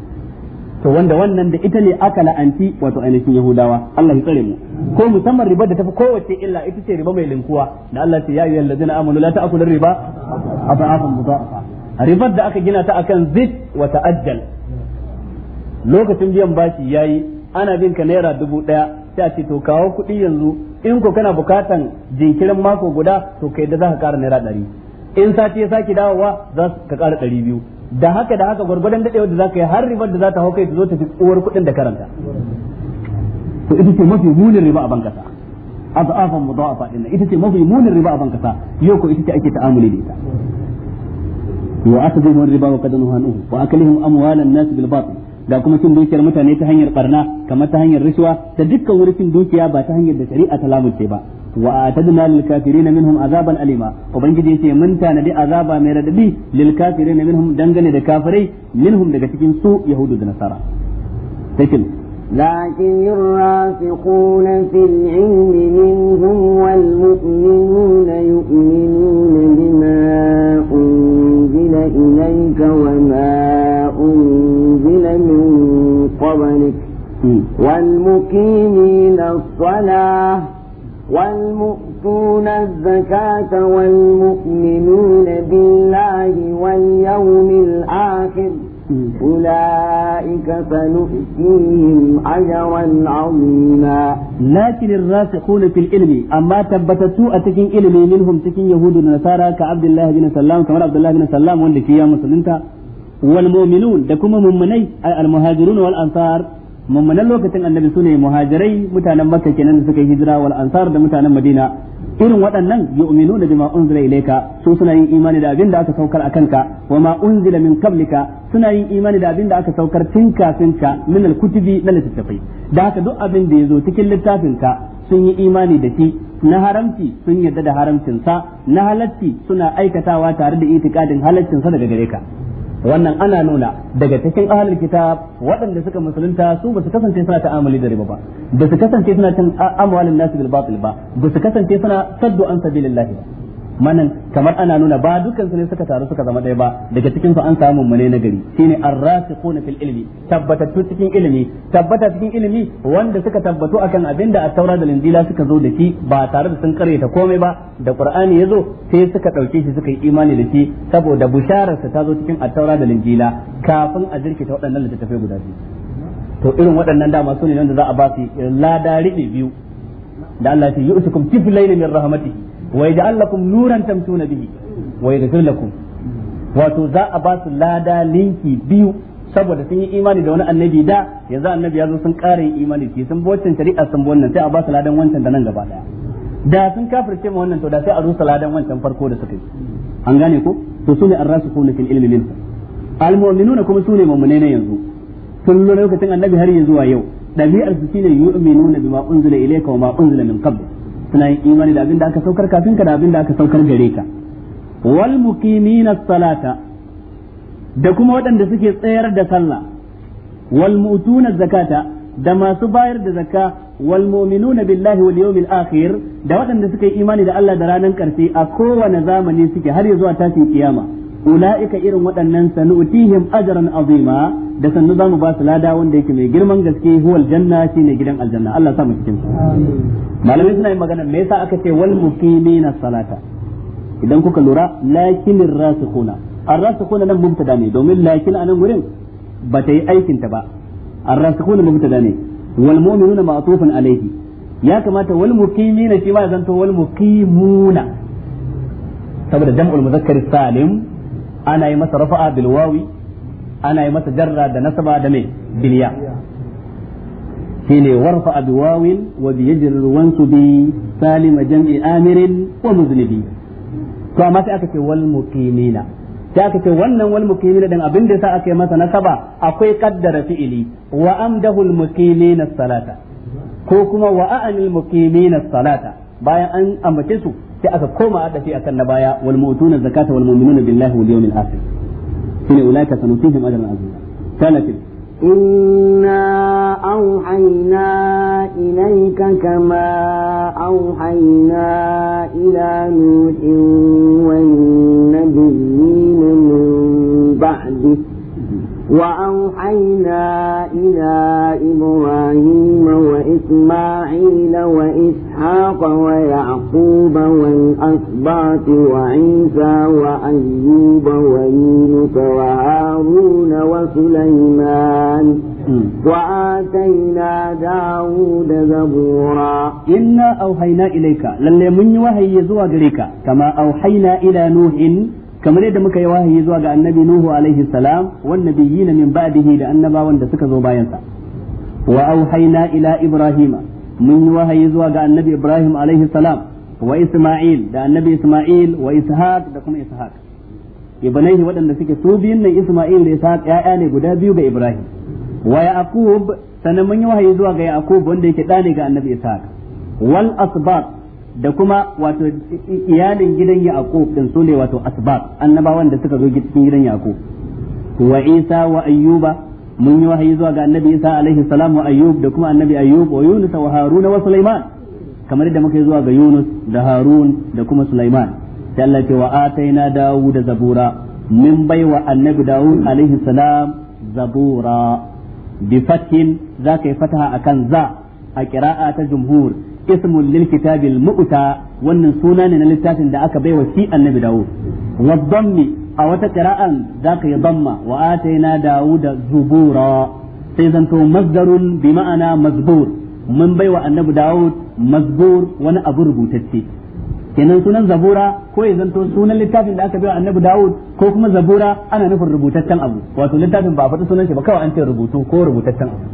to wanda wannan da ita ne aka la'anti wato ainihin yahudawa Allah ya tsare mu ko musamman ribar da tafi kowace illa ita ce riba mai linkuwa da Allah ce ya ayyuhal ladina amanu la ta'kulu riba adha'afan mudha'afa ribar da aka gina ta akan zid wa ta'ajjal lokacin biyan bashi yi ana bin ka naira dubu ɗaya sai a ce to kawo kuɗi yanzu in ko kana bukatan jinkirin mako guda to kai da za ka ƙara naira ɗari in sati ya sake dawowa za ka ƙara ɗari biyu da haka da haka gwargwadon daɗewa da za ka yi har ribar da za ta hau kai ta zo ta fi tsohuwar kuɗin da karanta to ita ce mafi munin riba a bankasa azafan mudawafa din ita ce mafi munin riba a bankasa yau ko ita ce ake ta'amuli da ita wa atadhum riba wa qadanuhu wa akalihim amwalan nas bil batil ga kuma cin dukiyar mutane ta hanyar barna kamar ta hanyar rishuwa ta dukkan wuri cin dukiya ba ta hanyar da shari'a ta lamunce ba wa atadna lil kafirin minhum azaban alima ubangiji yace mun tanadi azaba mai radadi lil kafirin minhum dangane da kafirai minhum daga cikin su yahudu da nasara take لكن
الراسخون في العلم منهم والمؤمنون يؤمنون بما أنزل إليك وما أنزل الذين من قبلك والمقيمين الصلاة والمؤتون الزكاة والمؤمنون بالله واليوم الآخر أولئك سنؤتيهم أجرا
عظيما لكن الراسخون في العلم أما تبتتوا أتكين علمي منهم تكين يهود النصارى كعبد الله بن سلام كما عبد الله بن سلام وانك يا مسلمين wal da kuma mummunai al muhajirun wal ansar mummunan lokacin annabi su ne muhajirai mutanen makka kenan da suka yi hijira wal da mutanen madina irin waɗannan yu'minuna bima unzila ilayka su suna yin imani da abin da aka saukar akan ka wa ma min qablika suna yin imani da abin da aka saukar tun kafin ka min kutubi na littattafai da haka duk abin da ya zo cikin littafin ka sun yi imani da na haramci sun yarda da haramcin sa na halacci suna aikatawa tare da itikadin halaccin sa daga gare ka wannan ana nuna daga cikin ahlul kitab waɗanda suka musulunta su ba su kasance suna ta'amuli da riba ba ba su kasance suna cin amwalin nasu bil batil ba ba su kasance suna saddu an sabilillah ba manan kamar ana nuna ba dukkan su ne suka taru suka zama ɗaya ba daga cikin su an samu mune na gari shine arrasikhuna fil ilmi tabbatattu cikin ilimi tabbata cikin ilimi wanda suka tabbatu akan abinda at-taura da linjila suka zo da shi ba tare da sun karyata komai ba da qur'ani yazo sai suka dauke shi suka yi imani da shi saboda bisharar ta zo cikin at-taura da linjila kafin a jirkita waɗannan littattafai guda biyu to irin waɗannan dama su ne wanda za a ba su lada riɓe biyu da Allah ya yi usukum kiflaini min rahmatihi wa yaj'al lakum nuran tamshuna bihi wa yaghfir lakum wato za a ba su lada linki biyu saboda sun yi imani da wani annabi da yanzu annabi ya zo sun ƙara yin imani ki sun bocin shari'a sun wannan sai a ba su ladan wancan da nan gaba daya da sun kafirce ma wannan to da sai a rusa ladan wancan farko da suka yi an gane ko to sune arrasukuna fil ilmi min almu'minuna kuma sune mu'mine ne yanzu tun lokacin annabi har yanzu wa yau dabi'ar su shine yu'minuna bima unzila ilayka wa ma unzila min qabl suna yin imani da abin da aka saukar kafin ka da abin da aka saukar gare ka wal muqimina salata da kuma waɗanda suke tsayar da sallah wal mu'tuna zakata da masu bayar da zakka wal mu'minuna billahi wal yawmil akhir da waɗanda suke imani da Allah da ranar karshe a kowane zamani suke har zuwa tashin kiyama ulaika irin waɗannan sanu'tihim ajran azima da sannu zamu ba su lada wanda yake mai girman gaske huwal janna shine gidan aljanna Allah sa mu cikin su malamai suna yin magana me yasa aka ce wal muqimina salata idan kuka lura lakinir rasikhuna ar-rasikhuna nan mubtada ne domin lakin anan gurin ba ta yi aikin ta ba ar-rasikhuna mubtada ne wal mu'minuna ma'tufun alayhi ya kamata wal muqimina shi ma zanto wal muqimuna saboda jam'ul muzakkar salim ana yi masa rafa'a bil wawi ana yi masa jarra da nasaba da mai bil ya shine warfa bi wawin wa bi yajr wansu bi salima jam'i amirin wa muznibi to amma sai aka ce wal muqimina sai aka ce wannan wal muqimina dan abin da sa aka yi masa nasaba akwai qaddara fi'ili wa amdahul muqimina salata ko kuma wa a'anil muqimina salata bayan an ambace su sai aka koma da shi akan na baya wal mutuna zakata wal mu'minuna billahi wal yawmil akhir shine ulaika sanutihim ajran azima kana
inna awhayna ilayka kama awhayna ila nuhin wan nabiyyin min ba'dih وأوحينا إلى إبراهيم وإسماعيل وإسحاق ويعقوب والأسباط وعيسى وأيوب ويونس وهارون وسليمان وآتينا داود
زبورا إنا أوحينا إليك للي من وهي زواج كما أوحينا إلى نوح kamar yadda muka yi wahayi zuwa ga annabi nuhu alaihi salam wan nabiyyin min ba'dihi da annabawan da suka zo bayan sa wa auhayna ila ibrahima mun yi wahayi zuwa ga annabi ibrahim alaihi salam wa isma'il da annabi isma'il wa ishaq da kuma ishaq ibnaihi waɗanda suke su biyun nan isma'il da ishaq ya'ya ne guda biyu ga ibrahim wa yaqub mun yi wahayi zuwa ga yaqub wanda yake ɗa ne ga annabi ishaq wal asbat da kuma wato iyalin gidan yaqub din su ne wato asbab annabawan da suka zo cikin gidan yaqub wa isa wa ayyuba mun yi wahayi zuwa ga annabi isa alaihi salam wa ayyub da kuma annabi ayyub wa yunus wa haruna wa sulaiman kamar da muka yi zuwa ga yunus da harun da kuma sulaiman sai Allah ce wa ataina dawud zabura min baiwa annabi dawud alaihi salam zabura bi fatin zaka yi fataha akan za a qira'a ta jumhur ismun lil mu'ta wannan suna ne na littafin da aka baiwa shi annabi dawud wa dhammi a wata qira'an zaka yi dhamma wa ataina dawuda zubura sai zanto masdarun bi ma'ana mazbur mun baiwa annabi dawud mazbur wani abu rubutacce kenan sunan zabura ko ya zanto sunan littafin da aka baiwa annabi dawud ko kuma zabura ana nufin rubutaccen abu wato littafin ba a faɗi sunan shi ba kawai an ce rubutu ko rubutaccen abu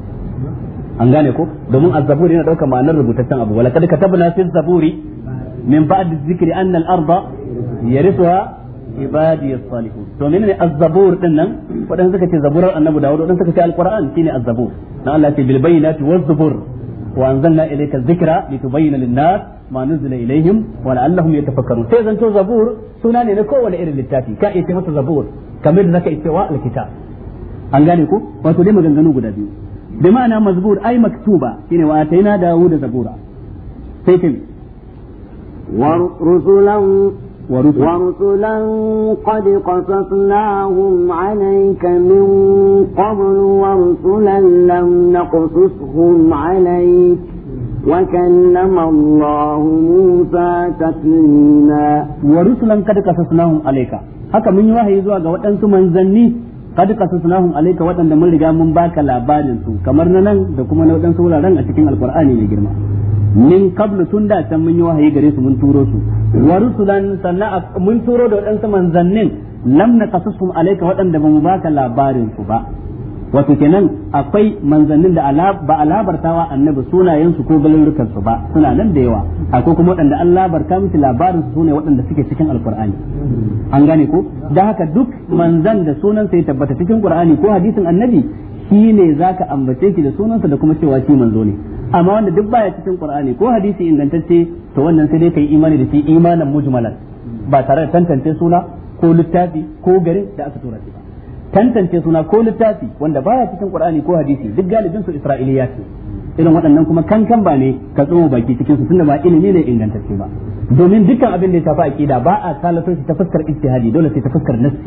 an gane ko domin az-zaburi yana daukar ma'anar rubutaccen abu wala kad katabna fi zaburi min ba'd zikri anna al-arda yarithuha ibadi as-salihun to menene az-zabur din nan wadanda suka ce zaburar annabi dawud wadanda suka ce al-qur'an shine az-zabur na Allah ce bil bayyinati waz-zubur wa anzalna ilayka adh-dhikra litubayyana lin-nas ma nuzila ilayhim wa la'allahum yatafakkarun sai zanto zabur suna ne na kowane irin littafi ka iya ce masa zabur kamar da zaka iya cewa al-kitab an gane ko wato dai maganganu guda biyu bi ma'ana mazbur ai maktuba shine wa ataina dawuda zabura sai kin
ورسلا قد قصصناهم عليك من قبل ورسلا لم نقصصهم عليك
وكلم الله موسى تكليما ورسلا قد قصصناهم عليك haka mun yi wahayi zuwa ga waɗansu manzanni qad hun alayka waɗanda mun riga mun baka labarin su kamar na nan da kuma na waɗansu wuraren a cikin alqur'ani mai girma min qablu tun da can mun yi wahayi gare su mun turo su wa rusulan sannan mun turo da waɗansu manzannin lam naqasusum alayka waɗanda mun baka labarin su ba wato kenan akwai manzannin da ba a labartawa annabi sunayensu ko su ba suna nan da yawa akwai kuma waɗanda an labarta musu labarin su ne waɗanda suke cikin alkur'ani an gane ko da haka duk manzan da sunansa ya tabbata cikin qur'ani ko hadisin annabi shi ne zaka ambace ki da sunansa da kuma cewa shi manzo ne amma wanda duk baya cikin qur'ani ko hadisi ingantacce to wannan sai dai kai imani da shi imanan mujmalan ba tare da tantance suna ko littafi ko garin da aka tura shi ba tantance suna ko littafi wanda baya cikin qur'ani ko hadisi duk galibin su ce irin waɗannan kuma kankan ba ne ka tsoma baki cikin su tunda ba ilimi ne ingantacce ba domin dukkan abin da ya tafi aqida ba a salato shi ta fuskar ijtihadi dole sai ta fuskar nassi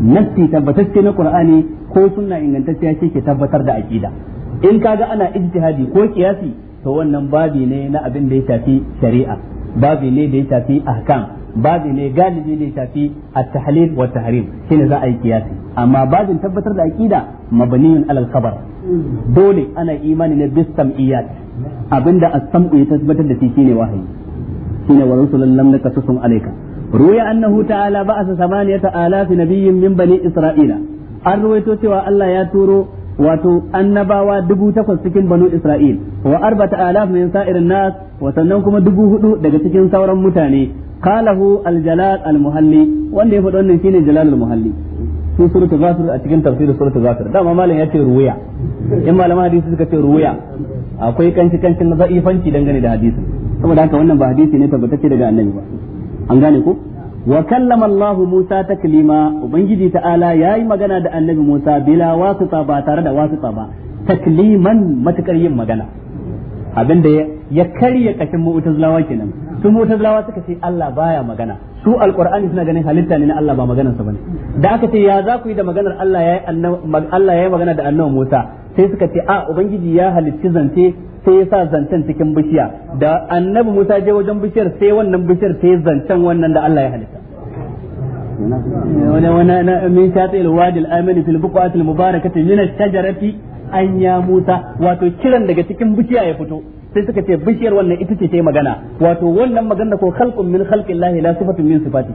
nassi tabbatacce na qur'ani ko sunna ingantacciya ce ke tabbatar da aqida in kaga ana ijtihadi ko kiyasi to wannan babi ne na abin da ya tafi shari'a babi ne da ya tafi ahkam babi ne galibi ne shafi at-tahlil wa tahrim ne za a yi kiyasi amma babin tabbatar da aqida mabaniyun alal khabar dole ana imani ne bis sam'iyat abinda as-sam'u ya tabbatar da shi shine wahayi shine wa rasulun lam nakasusun alayka ruya annahu ta'ala ba'asa samaniyata alafi nabiyyin min bani isra'ila an ruwaito cewa Allah ya turo wato annabawa dubu takwas cikin banu Isra'il wa ta alaf min sa'irin nas wa sannan kuma dubu hudu daga cikin sauran mutane qalahu al-jalal al-muhalli wanda ya faɗi wannan shine jalal al-muhalli su suratu ghafir a cikin tafsirin suratu ghafir dama malam ya ce ruwaya in malaman hadisi su ka ce ruwaya akwai kanci kanci na za'ifanci dangane da hadisin saboda haka wannan ba hadisi ne tabbatacce daga annabi ba an gane ko wa kallama Allah Musa taklima ubangiji ta'ala yayi magana da annabi Musa bila wasita ba tare da wasita ba takliman matukar yin magana abinda ya karya kashin mu'tazilawa kenan su lawa suka ce Allah baya magana su alqur'ani suna ganin halitta ne na Allah ba maganar sa bane da aka ce ya za ku yi da maganar Allah yayi Allah yayi magana da annabi Musa sai suka ce a ubangiji ya halitti zance sai ya sa zancen cikin bishiya da annabi Musa je wajen bishiyar sai wannan bishiyar sai zancen wannan da Allah ya halitta wani wani na min shatil wadil amani fil al mubarakati min ash-shajarati an ya Musa wato kiran daga cikin bishiya ya fito sai suka ce bishiyar wannan ita ce ta magana wato wannan magana ko khalqun min khalqillahi la sifatun min sifati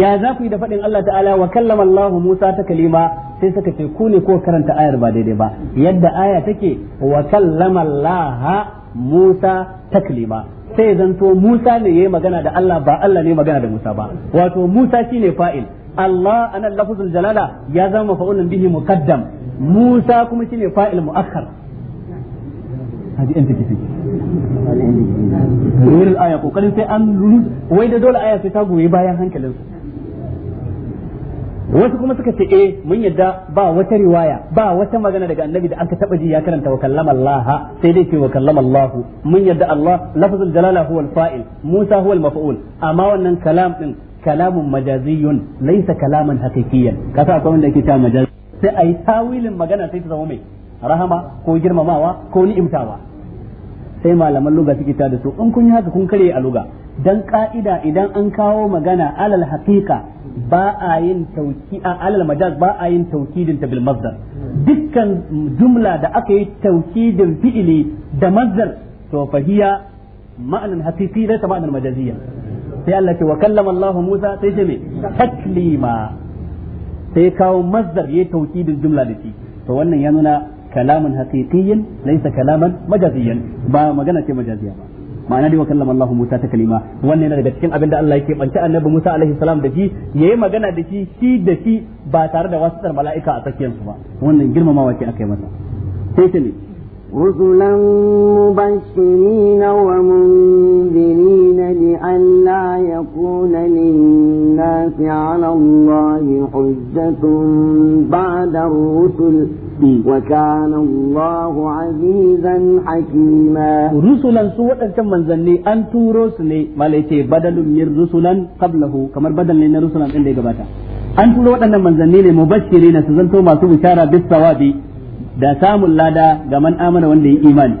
ya za ku yi da faɗin Allah ta'ala wa kallama Allah Musa ta kalima sai suka ce ku ne ko karanta ayar ba daidai ba yadda aya take wa kallama Allah Musa Kalima sai zanto Musa ne yayi magana da Allah ba Allah ne magana da Musa ba wato Musa shine fa'il Allah anan lafzul jalala ya zama fa'ulun bihi muqaddam Musa kuma shine fa'il muakhar haji yan tafi wurin aya kokarin sai an lulu wai da dole aya sai ta goyi bayan hankalin wasu kuma suka ce eh mun yadda ba wata riwaya ba wata magana daga annabi da aka taba ji ya karanta wa Allah sai dai ce wa Allah mun yadda Allah lafzul jalala huwa al-fa'il Musa huwa al-maf'ul amma wannan kalam din kalamun majaziyun laysa kalaman haqiqiyan kasa akwai wanda yake ta majazi sai yi tawilin magana sai ta zama mai rahama ko girmamawa ko ni'imtawa sai malaman luga suke ta da su in kun yi haka kun karye a luga dan ka'ida idan an kawo magana alal haqiqa ba a yin tauki a alal majaz ba a yin taukidin ta bil masdar dukkan jumla da aka yi taukidin fi'ili da masdar to fahiya ma'anan haqiqi ta ma'anan majaziyya sai Allah ce wa kallama Allah Musa sai ce me taklima sai kawo masdar yayi taukidin jumla da shi to wannan ya nuna kalaman haqiqiyyan laysa kalaman majaziyan ba magana ce majaziya ba ma'ana dai wa kallama Allah Musa ta kalima wannan daga cikin abin da Allah yake bance annabi Musa alaihi salam da shi yayi magana da ki shi da ba tare da wasitar mala'ika a tsakiyarsu ba wannan girmamawa ce aka yi masa sai ta ne رسلا
مبشرين ومنذرين لئلا يكون للناس على الله حجة بعد الرسل وكان الله عزيزا حكيما
رسلا سوى أنت من ذني أن تورسني ما ليتي بدل من رسلا قبله كما بدل لنا رسلا عندي قباتا أن تورو أن من ذني مبشرين سزنتو ما سوى شارع بالثواب da samun lada ga man amana wanda ya imani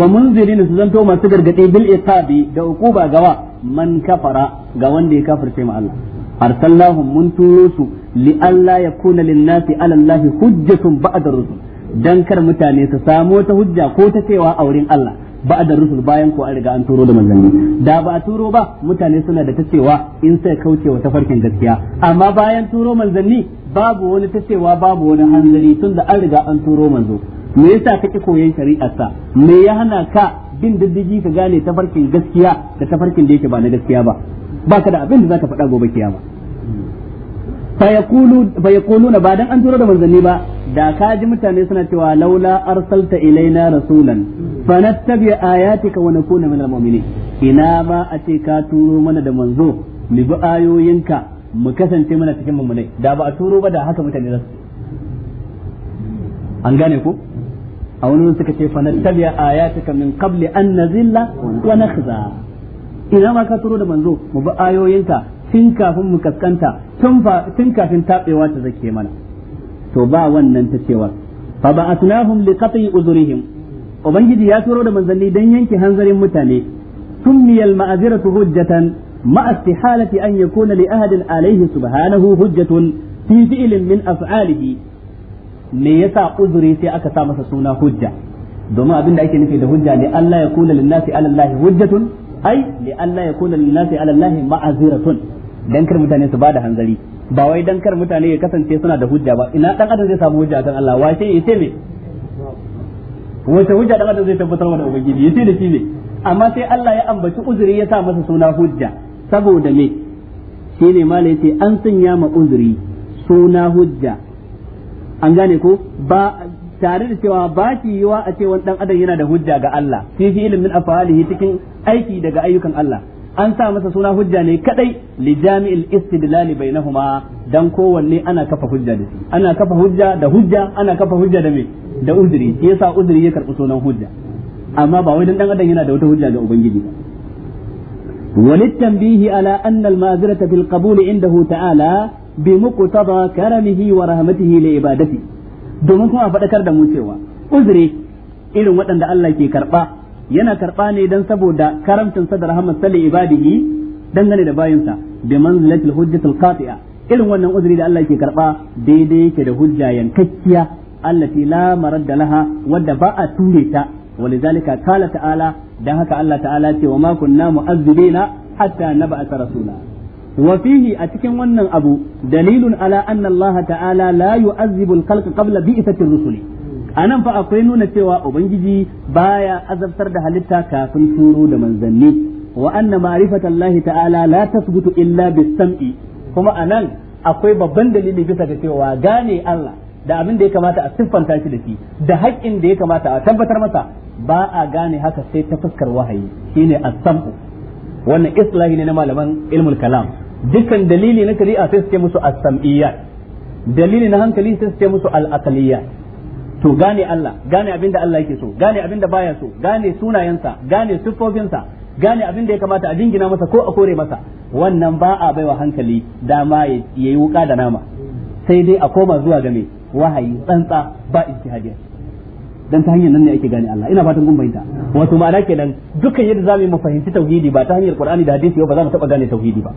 wa munzirin su zanto masu gargadi bil iqabi da uquba gawa man kafara ga wanda ya kafirce ma Allah arsalnahum mun turo su li alla yakuna lin nasi ala Allah hujjatun ba'da rusul dan kar mutane su samu ta hujja ko ta cewa a wurin Allah ba'da rusul bayan ko an riga an turo da manzanni da ba a turo ba mutane suna da ta cewa in sai wa tafarkin gaskiya amma bayan turo manzanni babu wani ta cewa babu wani hanzari tun da an riga an turo manzo me yasa kake koyon shari'ar sa me ya hana ka bin diddigi ka gane tafarkin gaskiya da tafarkin da yake ba na gaskiya ba baka da abin da zaka faɗa gobe kiyama fa yaqulu ba dan an turo da manzanni ba da ka ji mutane suna cewa laula arsalta ilaina rasulan nattabi ayatika wa nakuna minal mu'minin ina ma a ce ka turo mana da manzo mu bi ayoyinka mu kasance muna cikin mummunai da ba a turo ba da haka mutane za su an gane ku? a wani suka ce fa nattabi'a ayatuka min qabli an nazilla wa nakhza ina ma ka turo da manzo mu bi ayoyinka tun kafin mu kaskanta tun kafin tabewa ta zake mana to ba wannan ta cewa fa ba'atnahum liqati uzurihim ubangiji ya turo da manzanni dan yanke hanzarin mutane summiyal ma'aziratu hujjatan مع استحالة أن يكون لأحد عليه سبحانه حجة في فعل من أفعاله me yasa uzuri sai aka sa masa suna hujja domin abin da ake nufi da hujja ne Allah ya kuna linnasi ala Allah hujjatun ai li Allah ya kuna linnasi ala Allah ma'aziratun dan kar mutane su bada hanzari ba wai dan kar mutane ya kasance suna da hujja ba ina dan adam zai samu hujja kan Allah wace yace me wace hujja dan adam zai tabbatar wa da ubangiji yace da shi ne amma sai Allah ya ambaci uzuri ya sa masa suna hujja saboda me ne malai ce an sanya ma uzuri suna hujja an gane ko ba tare da cewa ba shi yiwa a ce wani dan adam yana da hujja ga Allah fi fi ilmin afalihi cikin aiki daga ayyukan Allah an sa masa suna hujja ne kadai li jami'il istidlali bainahuma dan kowanne ana kafa hujja da shi ana kafa hujja da hujja ana kafa hujja da me da uzuri yasa uzuri ya karbi sunan hujja amma ba wai dan adam yana da wata hujja ga ubangiji ba bihi a وللتنبيه على أن المعذرة في القبول عنده تعالى بمقتضى كرمه ورحمته لعبادته domin kuma a faɗakar da mu cewa uzuri irin waɗanda Allah ke karɓa yana karɓa ne dan saboda karamcinsa da rahmar salli ibadihi dangane da bayinsa bi manzilatil hujjatil qati'a irin wannan uzuri da Allah ke karɓa daidai yake da hujja yankakkiya allati la maradda laha wadda ba a ture ta ولذلك قال تعالى ده هكا الله تعالى وما كنا مؤذبين حتى نبعث رسولا وفيه أتكن ونن أبو دليل على أن الله تعالى لا يؤذب الخلق قبل بئسة الرسل anan fa akwai nuna cewa ubangiji baya azabtar da halitta kafin turo da manzanni wa anna ma'rifatallahi ta'ala la tasbutu illa bis sam'i kuma nan akwai babban dalili bisa ga cewa gane Allah da abin da ya kamata a siffanta shi da shi da haƙƙin da ya kamata a tabbatar masa ba a gane haka sai ta fuskar wahayi shine as-sam'u wannan islahi ne na malaman ilmul kalam dukkan dalili na shari'a sai su musu as-sam'iyyat dalili na hankali sai su ce musu al to gane Allah gane abin da Allah yake so gane abin da baya so gane sunayensa gane siffofinsa gane abin da ya kamata a jingina masa ko a kore masa wannan ba a baiwa hankali dama yi wuka da nama sai dai a koma zuwa game wahayi tsantsa ba ijtihadiyya dan ta hanyar nan ne ake gane Allah ina fatan kun bayyana wato ma'ana kenan dukkan yadda zamu mu fahimci tauhidi ba ta hanyar Qur'ani da hadisi ba za mu taba gane tauhidi ba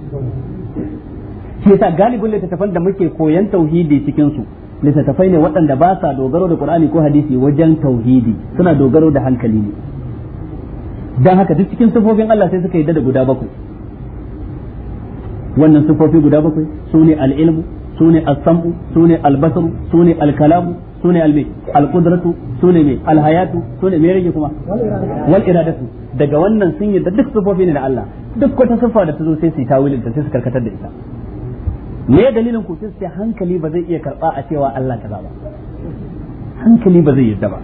shi yasa galibin littattafan da muke koyan tauhidi cikin su littattafai ne waɗanda ba sa dogaro da Qur'ani ko hadisi wajen tauhidi suna dogaro da hankali ne dan haka duk cikin sifofin Allah sai suka yadda da guda bakwai wannan sifofi guda bakwai su ne al-ilmu sune as-sam'u sune al-basaru sune al-kalamu sune al-mai al-qudratu sune mai al-hayatu sune mai rage kuma wal iradatu daga wannan sun yi da duk sufofi ne da Allah duk wata sufa da ta zo sai tawilin ta sai su karkatar da ita me dalilin ku sai hankali ba zai iya karba a cewa Allah ta ba hankali ba zai yadda ba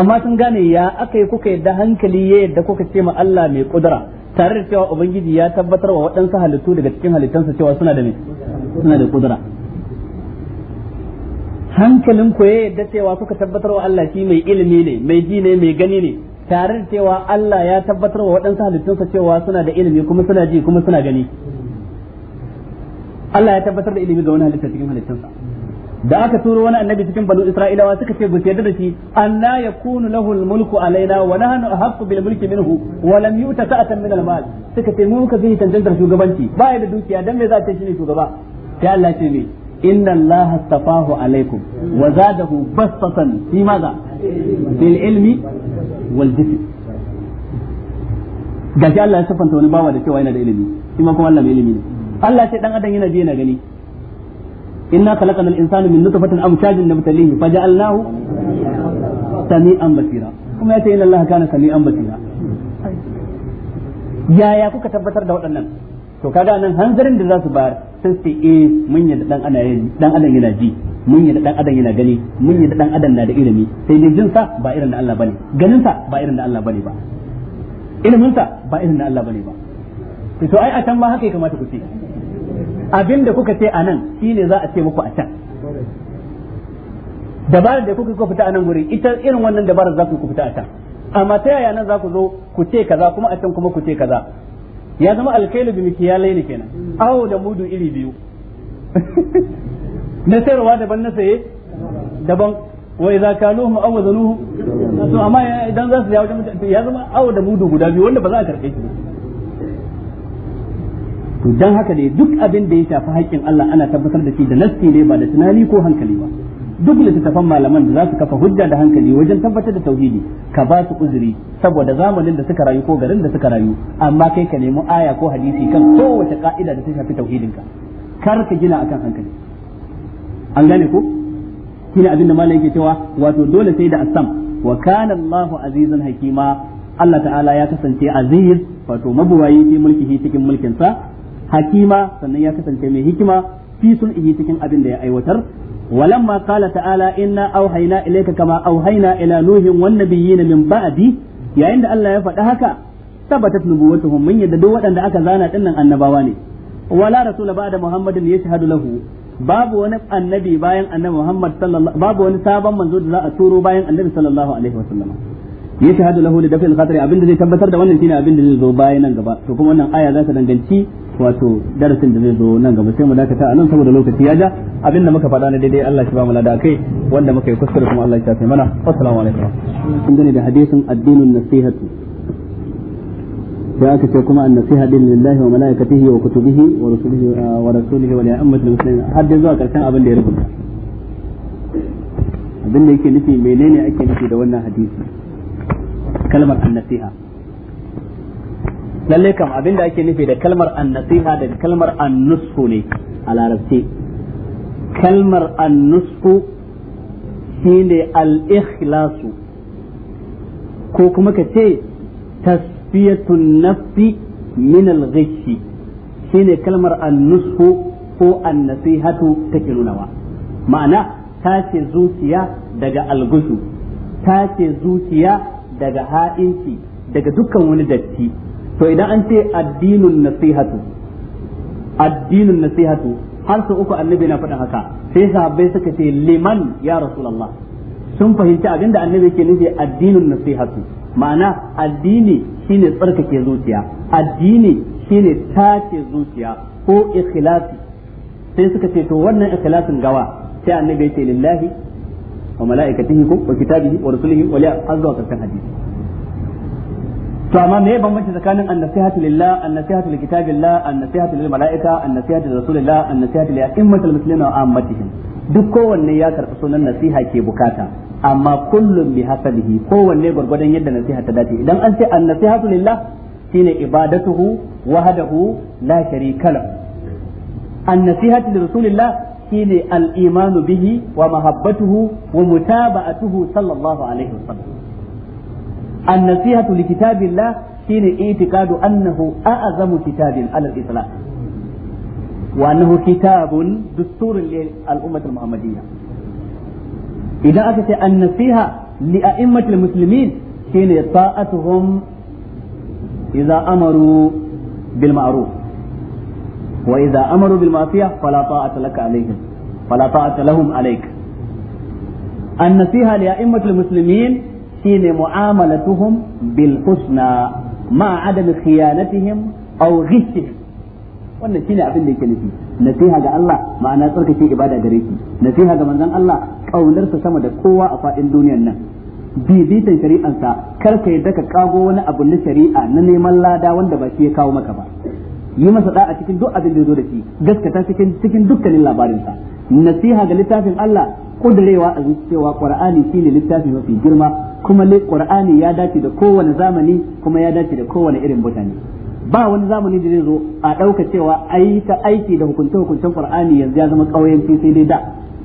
amma sun gane ya aka yi kuka yadda hankali ya yadda kuka ce ma Allah mai kudura tare da cewa ubangiji ya tabbatar wa waɗansu halittu daga cikin halittansa cewa suna da mai suna da kudura hankalin ku ya yadda cewa kuka tabbatar wa Allah shi mai ilimi ne mai ji ne mai gani ne tare da cewa Allah ya tabbatar wa waɗansu halittunsa cewa suna da ilimi kuma suna ji kuma suna gani Allah ya tabbatar da ilimi ga wani halitta cikin halittunsa da aka turo wani annabi cikin banu isra'ilawa suka ce bace da shi anna yakunu lahu mulku alaina wa nahnu ahaqqu bil mulki minhu wa lam yuta sa'atan min almal suka ce mu muka bi tantantar shugabanci ba ya da dukiya dan me za ta ce shine shugaba sai Allah ce ne inna Allah astafahu alaikum wa zadahu bastatan fi maza ilmi wal jism Allah ya sifanta wani bawa da cewa yana da ilimi shi ma kuma Allah mai ilimi ne Allah ce dan adam yana yana gani inna khalaqna al insana min nutfatin amshajin nabtalihi faja'alnahu sami'an basira kuma yace inna Allah kana sami'an basira yaya kuka tabbatar da waɗannan to kaga nan hanzarin da za su bayar sai su eh mun yadda dan ana dan adam yana ji mun yadda dan adam yana gani mun yadda dan adam na da ilimi sai ne jinsa sa ba irin da Allah bane ganin sa ba irin da Allah bane ba ilimin sa ba irin da Allah bane ba to ai a can ma haka ya kamata ku ce abin da kuka ce anan shine za a ce muku a can dabarar da kuka ku fita a nan guri ita irin wannan dabarar za ku fita a can amma ta yaya nan za ku zo ku ce kaza kuma a can kuma ku ce kaza ya zama alkailu bi mikiyalai ne kenan aho da mudu iri biyu na sayarwa daban na saye daban wa idza kaluhum aw wazanuhu to amma idan za su ya ya zama aho da mudu guda biyu wanda ba za a karbe shi to dan haka ne duk abin da ya shafi haƙƙin Allah ana tabbatar da shi da nasti ne ba da tunani ko hankali ba duk littattafan malaman da za su kafa hujja da hankali wajen tabbatar da tauhidi ka ba su uzuri saboda zamanin da suka rayu ko garin da suka rayu amma kai ka nemi aya ko hadisi kan kowace ka'ida da ta shafi tauhidinka kar ka gina akan hankali an gane ko shine abin da malai yake cewa wato dole sai da asam wa kana azizan hakima Allah ta'ala ya kasance aziz wato mabuwayi fi mulkihi cikin mulkinsa hakima sannan ya kasance mai hikima fi sun cikin abin da ya aiwatar ولما قال تعالى إنا أوحينا إليك كما أوحينا إلى نوح والنبيين من بعدي يا عند الله يفتحك ثبتت نبوتهم من يددوا أن أكا زانت إن النبواني ولا رسول بعد محمد يشهد له babu wani annabi bayan annabi Muhammad sallallahu babu wani sabon manzo da za a turo bayan annabi sallallahu alaihi wasallam ya shahadu lahu da dafil khatari abinda zai tabbatar da wannan shine abinda zai zo bayan nan gaba to kuma wannan aya za ta danganci wato darasin da zai zo nan gaba sai mu dakata a nan saboda lokaci ya ja abinda muka faɗa na daidai Allah shi ba mu lada kai wanda muka yi kuskure kuma Allah ya tafi mana assalamu alaikum kun gane da hadisin addinin nasihatu ya aka ce kuma an-nasiha din lillahi wa malaikatihi wa kutubihi wa rusulihi ah, wa rasulihi wa li ummatil muslimin har da zuwa karshen abin da ya rubuta abin da yake nufi menene ake nufi da wannan hadisi kalmar an-nasiha lalle kam abinda ake nufi da kalmar annasiha da kalmar annusku ne a larabci kalmar annusku shine al-ikhlasu ko kuma ka ce tasfiyatun nafsi min al-ghishi shine kalmar annusku ko annasihatu take nunawa ma'ana ta ce zuciya daga ta ce zuciya daga ha'inci daga dukkan wani datti to idan an ce addinin nasihatu addinin nasihatu har su uku annabi na faɗin haka sai sahabbai suka ce liman ya rasulullah sun fahimci abin da annabi ke nufi addinin nasihatu ma'ana addini shine tsarkake zuciya addini shine tace zuciya ko ikhlasi sai suka ce to wannan ikhlasin gawa sai annabi ya ce lillahi wa mala'ikatihi ko wa kitabihi wa rusulihi wa liya wa hadisi to amma me bambanci tsakanin an-nasihatu lillah an-nasihatu likitabillah an-nasihatu lil malaika an rasulillah an li a'immatil muslimina wa ammatihim duk kowanne ya karɓi sunan nasiha ke bukata amma kullum bi hasabihi kowanne gwargwadon yadda nasiha ta dace idan an ce an-nasihatu lillah shine ibadatuhu wahdahu la sharika lahu an-nasihatu rasulillah shine al-imanu bihi wa mahabbatuhu wa mutaba'atuhu sallallahu alaihi wasallam النصيحة لكتاب الله حين اعتقاد أنه أعظم كتاب على الإطلاق وأنه كتاب دستور للأمة المحمدية إذا أتت النصيحة لأئمة المسلمين حين طاعتهم إذا أمروا بالمعروف وإذا أمروا بالمعصية فلا طاعة لك عليهم فلا طاعة لهم عليك النصيحة لأئمة المسلمين shine mu'amalatuhum bil husna ma adam khiyanatihim aw ghishihim wannan shine abin da yake nufi nasiha ga Allah ma'ana tsarkake ibada gare shi nasiha ga manzon Allah kaunar sa sama da kowa a fadin duniyar nan bibitan sa kar ka yadda ka kago wani abu na shari'a na neman lada wanda ba shi ya kawo maka ba yi masa da'a cikin duk abin da ya zo da shi gaskata cikin cikin dukkanin labarinsa nasiha ga littafin Allah kudurewa a zuciya cewa Qur'ani shine littafi mafi girma kuma le qur'ani ya dace da kowane zamani kuma ya dace da kowane irin mutane ba wani zamani da zai zo a ɗauka cewa ai ta aiki da hukunce hukuncen qur'ani yanzu ya zama ƙauyenci sai dai da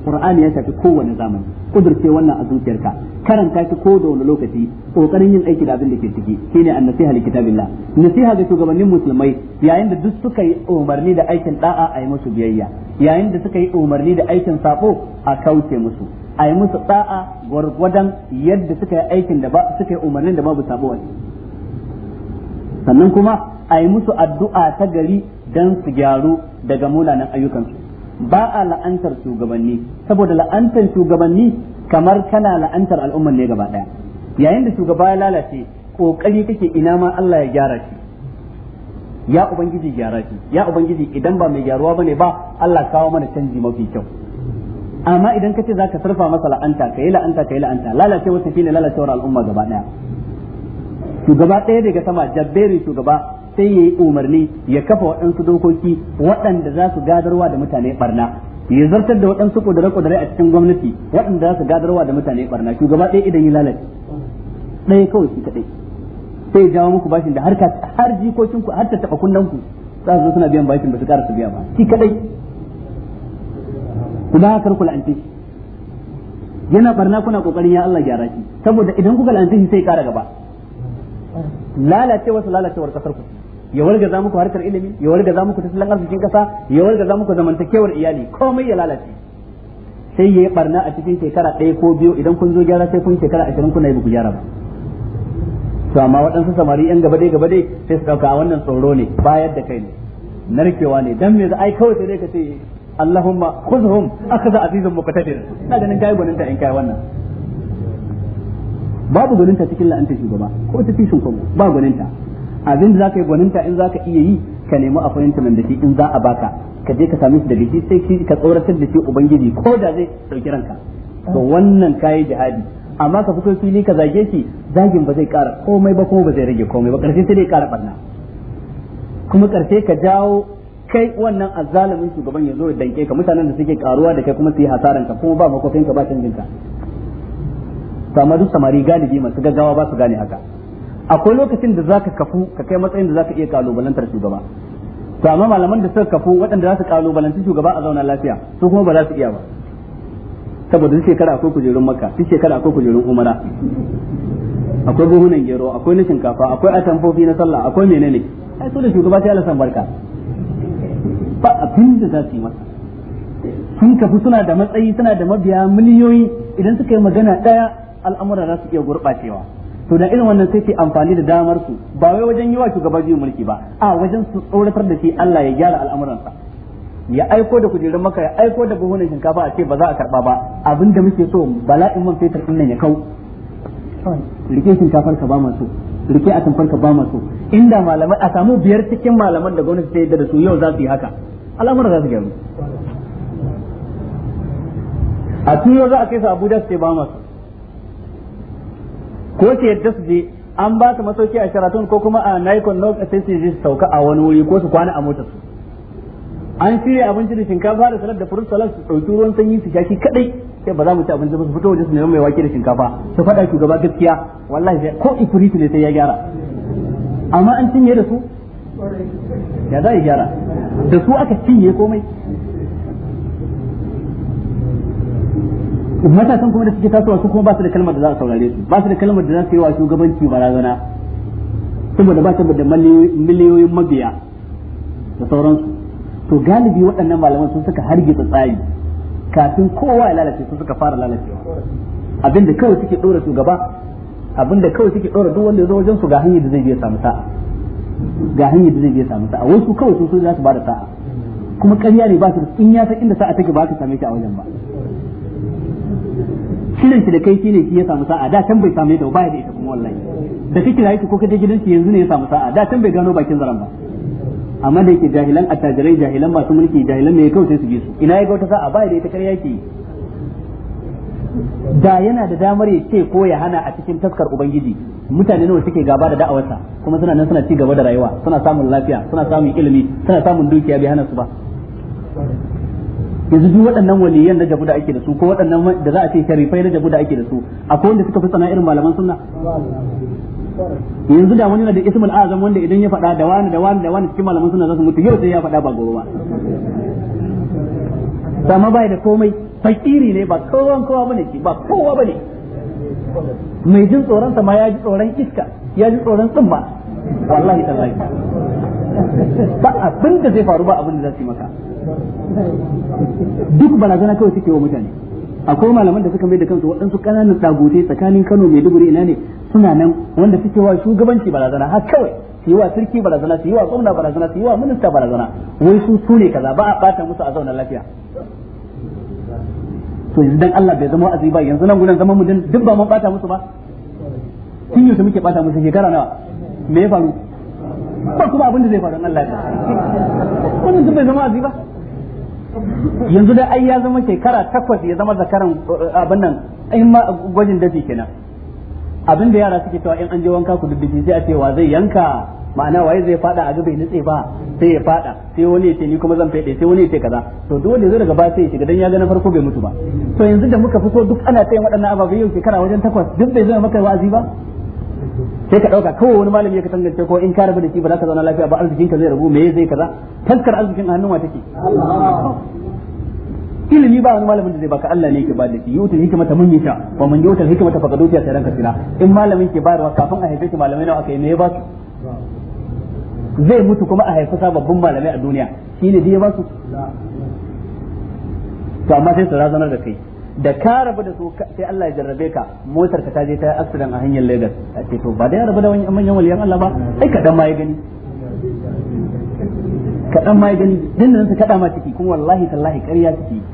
qur'ani ya shafi kowane zamani kudurce wannan a zuciyarka karanta shi ko da wani lokaci kokarin yin aiki da abin da ke ciki shine a nasiha li kitabillah nasiha ga shugabannin musulmai yayin da duk suka yi umarni da aikin da'a a yi musu biyayya yayin da suka yi umarni da aikin sako a kauce musu a yi musu tsa'a gwargwadon yadda suka yi aikin da ba suka yi umarnin da babu sabo wani sannan kuma a yi musu addu'a ta gari dan su gyaru daga munanan ayyukansu ba a la'antar shugabanni saboda la'antar shugabanni kamar kana la'antar al'ummar ne gaba daya yayin da shugaba ya lalace kokari kake ina ma Allah ya gyara shi ya ubangiji gyara shi ya ubangiji idan ba mai gyaruwa ne ba Allah kawo mana canji mafi kyau amma idan kace zaka sarfa masa la'anta kai la'anta kai la'anta lalace wata shine lalacewar al'umma gaba daya shugaba ɗaya daga sama jabberi shugaba sai yayi umarni ya kafa waɗansu dokoki waɗanda za su gadarwa da mutane barna ya zartar da waɗansu kudare kudare a cikin gwamnati waɗanda za su gadarwa da mutane barna shugaba ɗaya idan ya lalace ɗaya kawai shi kaɗai sai ya jawo muku bashin da har jikokinku har ta taɓa kunnanku za su zo suna biyan bashin ba su ƙara su biya ba shi kaɗai ku da kar ku la'ance shi yana barna kuna kokarin ya Allah gyara shi saboda idan kuka la'ance shi sai kara gaba lalacewa su lalacewar kasar ku ya warga za muku harkar ilimi ya warga za muku tattalin arzikin kasa ya warga za muku zamantakewar iyali komai ya lalace sai ya yi barna a cikin shekara ɗaya ko biyu idan kun zo gyara sai kun shekara ashirin kuna yi buku gyara ba to amma waɗansu samari yan gaba dai gaba dai sai su ɗauka wannan tsoro ne bayar da kai ne narkewa ne dan me za ai kawai sai dai ka ce Allahumma khuzhum akaza azizun muqtadir ina ganin kai gwaninta in kai wannan babu gwaninta cikin la'anta shugaba ko ta tishin kuma ba gwaninta abin da zaka yi gwaninta in zaka iya yi ka nemi appointment da shi in za a baka ka je ka same shi daga shi sai ka tsoratar da shi ubangiji ko da zai dauki ranka to wannan kai jihadi amma ka fito fili ka zage shi zagin ba zai kara komai ba kuma ba zai rage komai ba karshe sai dai kara barna kuma karshe ka jawo kai wannan azzalumin shugaban ya zo ya danke ka mutanen da suke karuwa da kai kuma su yi hasaran ka kuma ba makofin ka ba canjin ka amma duk samari galibi masu gaggawa ba su gane haka akwai lokacin da zaka kafu ka kai matsayin da zaka iya kalubalantar shugaba to amma malaman da suka kafu waɗanda za su kalubalanci shugaba a zauna lafiya su kuma ba za su iya ba saboda duk shekara akwai kujerun makka duk shekara akwai kujerun umara akwai buhunan gero akwai na shinkafa akwai atamfofi na sallah akwai menene ai su da shugaba sai Allah san barka abin da za su yi masa sun kafi suna da matsayi suna da mabiya miliyoyi idan suka yi magana ɗaya al'amura za su iya gurɓacewa to da irin wannan sai ke amfani da damar su ba wai wajen yi wa shugaba biyu mulki ba a wajen su tsoratar da shi Allah ya gyara al'amuransa ya aiko da kujerun maka ya aiko da buhunan shinkafa a ce ba za a karba ba abin da muke so bala'in man fetur din nan ya kau rike shinkafar ka ba so rike a tamfar ka ba so inda malamai a samu biyar cikin malaman da gwamnati ta yadda da su yau za su yi haka al'amura za su gyaru a tuyo za a kai su abuja su ce ba masu ko ce yadda su je an ba su masauki a sharatun ko kuma a nikon nok sai su je sauka a wani wuri ko su kwana a motar su an shirya abinci da shinkafa da salad da furut salad su ɗauki ruwan sanyi su shaki kadai sai ba za mu ci abinci ba su fito waje su nemi mai wake da shinkafa su faɗa shugaba gaskiya wallahi ko ifritu ne sai ya gyara amma an cinye da su
ya za yi gyara da su aka cinye
komai matasan kuma da suke tasowa su kuma ba su da kalmar da za a saurare su ba su da kalmar da za su yi wa shugabanci barazana saboda ba su da miliyoyin mabiya da sauransu to galibi waɗannan malaman sun suka hargitsa tsari kafin kowa ya lalace sun suka fara lalacewa abinda kawai suke ɗora shugaba abinda kawai suke ɗora duk wanda ya zo wajen su ga hanyar da zai biya samu sa'a ga hanyar da zai je samu sa'a wasu kawai su sun za su bada sa'a kuma ƙarya ne ba su in ya san inda sa'a take ba ka same shi a wajen ba shirin shi da kai shine shi ya samu sa'a da can bai same da ba ya da ita kuma wallahi da kake rayu ko kaje gidan shi yanzu ne ya samu sa'a da can bai gano bakin zaran ba amma da yake jahilan attajirai jahilan masu mulki jahilan ne kawai sai su je su ina ya ga wata sa'a ba ya da ita ƙarya ke yi da yana da damar ya ce ko ya hana a cikin taskar ubangiji mutane nawa suke gaba da da'awarsa kuma suna nan suna ci gaba da rayuwa suna samun lafiya suna samun ilimi suna samun dukiya bai hana su ba yanzu duk waɗannan waliyan na jabu da ake da su ko waɗannan da za a ce sharifai na jabu da ake da su akwai wanda suka fi tsana irin malaman sunna yanzu da wani na da ismul azam wanda idan ya faɗa da wani da wani da wani cikin malaman sunna za su mutu yau sai ya faɗa ba gobe ba amma bai da komai fakiri ne ba kowan kowa bane shi ba kowa bane mai jin tsoron sa ma ya ji tsoron iska ya ji tsoron tsumma wallahi zai ba abin da zai faru ba abin da zai maka duk barazana kawai suke wa mutane akwai malaman da suka mai da kansu waɗansu ƙananan ɗagote tsakanin Kano mai duburi ina ne suna nan wanda suke wa shugabanci barazana har kawai su yi wa sarki barazana su yi wa gwamna barazana su yi wa minista barazana wai su su ne kaza ba a ɓata musu a zauna lafiya to yanzu dan Allah bai zama wa'azi ba yanzu nan gudan zaman mu duk ba mun bata musu ba kin yi su muke bata musu shekara nawa me ya faru ba kuma abin da zai faru Allah ya wannan duk bai zama wa'azi ba yanzu dai ai ya zama shekara takwas ya zama zakaran eh, abin nan ai ma gwajin dafi kenan abin da yara suke cewa in an je wanka ku dubbi sai a ce wa zai yanka ma'ana waye zai fada a gaba nutse ba sai ya fada sai wani ya ce ni kuma zan fade sai wani ya ce kaza to duk wanda zai daga ba sai ya shiga dan ya ga na farko bai mutu ba to yanzu da muka fito duk ana tsayin waɗannan ababe yau shekara wajen takwas duk bai zama maka wazi ba sai ka dauka kawai wani malami ya ka tangance ko in ka rabu da shi ba za ka zauna lafiya ba arzikin ka zai rabu me zai kaza tankar arzikin a hannun wa take ilimi ba wani malamin da zai baka Allah ne ke ba da shi yuta hikimata mun yita wa man yuta hikimata faqad sai ranka kasira in malamin ke bayarwa kafin a haife shi malamai nawa aka yi me ya ba su zai mutu kuma a haifi sababbin malamai a duniya shine ne ya ba su to amma sai su razanar da kai da ka rabu da su sai Allah ya jarrabe ka motar ka ta je ta yi accident a hanyar Lagos a ce to ba da ya rabu da manyan waliyan Allah ba ai kadan ma ya gani kadan ma ya gani din nan su kada ma ciki kuma wallahi tallahi ƙarya ciki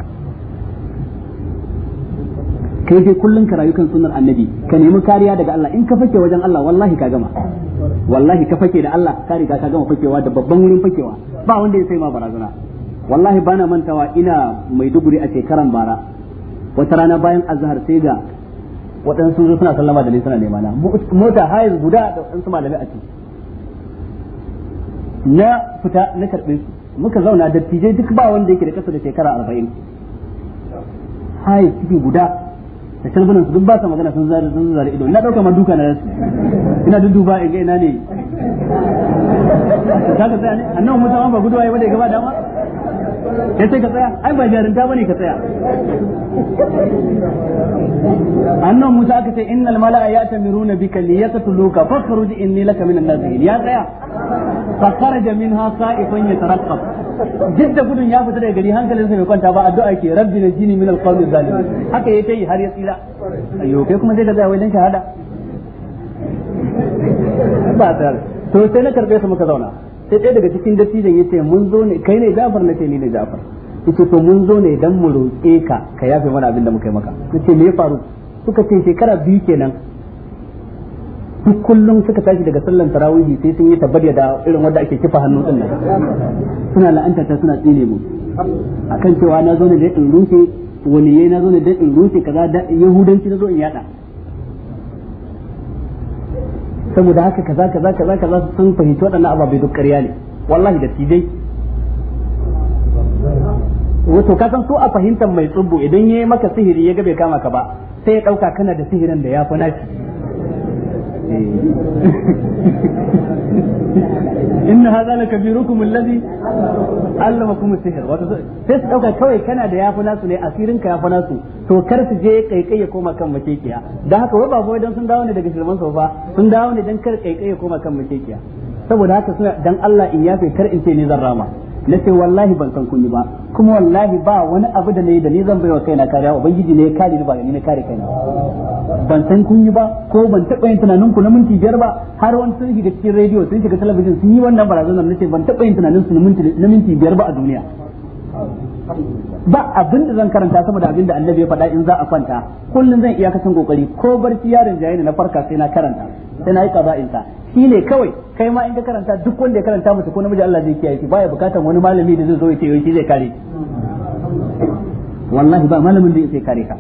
kai dai kullun ka rayukan sunnar annabi ka nemi kariya daga Allah in ka fake wajen Allah wallahi ka gama wallahi ka fake da Allah ka riga ka gama fakewa da babban wurin fakewa ba wanda ya sai ma barazana wallahi bana mantawa ina mai duguri a shekaran bara wata rana bayan azhar sai ga waɗansu zo suna sallama da ni suna nema na mota hayar guda da waɗansu malami a ciki na fita na karɓe su muka zauna dattijai duk ba wanda yake da ƙasa da shekara arba'in hayar ciki guda da kalbunan su duk ba sa magana sun zare sun zare ido na dauka ma duka na rasu ina dudduba in ga ina ne kaga tsaya ne annabi Musa ba guduwa ya bada gaba dama ya sai ka tsaya ai ba jarinta bane ka tsaya annan Musa aka ce innal mala'a ya'tamiruna bika liyaqtuluka fakhruj inni laka minan nazirin ya tsaya fa kharaja minha sa'ifan yatarqab duk da gudun ya fita daga gari hankalin sa bai kwanta ba addu'a ke rabbi na jini min alqawmi zalim haka yake yi har ya tsira ayo kai kuma sai ka tsaya wajen shahada ba ta to sai na karbe su muka zauna sai ɗaya daga cikin dattijan yace mun zo ne kai ne Ja'far na ce ni ne Ja'far yace to mun zo ne dan mu roƙe ka ka yafe mana abin da muka yi maka nace me ya faru suka ce shekara biyu kenan duk kullum suka tashi daga sallan tarawihi sai sun yi tabbata da irin wanda ake kifa hannu din nan suna la'anta ta suna tsine mu akan cewa na zo ne da in rufe yayi na zo ne da in rufe kaza da yahudanci na zo in yada saboda haka kaza kaza kaza kaza sun fahimci waɗannan ababai duk ƙarya ne wallahi da tijai wato ka san so a fahimtar mai tsubbo idan yayi maka sihiri ya ga bai kama ka ba sai ya ɗauka kana da sihirin da ya fi nashi Eh. inna hadha la kabirukum alladhi allamakum as-sihr wato sai su dauka kawai kana da yafi nasu ne asirin ka yafi nasu to kar su je kaikai ya koma kan makekiya dan haka wai ba fa dan sun dawo ne daga shirman sofa sun dawo ne dan kar kaikai ya koma kan makekiya saboda haka suna dan Allah in yafe kar in ce ni zan rama na ce wallahi ban san kunni ba kuma wallahi ba wani abu da nayi da ni zan baiwa kaina kariya ubangiji ne ya kare ni ba ni na kare kaina ban san kunni ba ko ban taba yin tunanin ku na minti biyar ba har wani sun shiga cikin rediyo sun shiga talabijin sun yi wannan barazana na ce ban taɓa yin tunanin su na minti biyar ba a duniya ba abin da zan karanta sama da abin da annabi ya faɗa in za a kwanta kullum zan iya kasan kokari ko barci yaron jayi na farka sai na karanta sai na yi qaza'in sa shi ne kawai kai ma in ka karanta duk wanda ya karanta mutu ko namiji Allah zai kiyaye shi baya bukatan wani malami da zai zo ya ce shi zai kare
shi
wallahi ba malamin da zai kare ka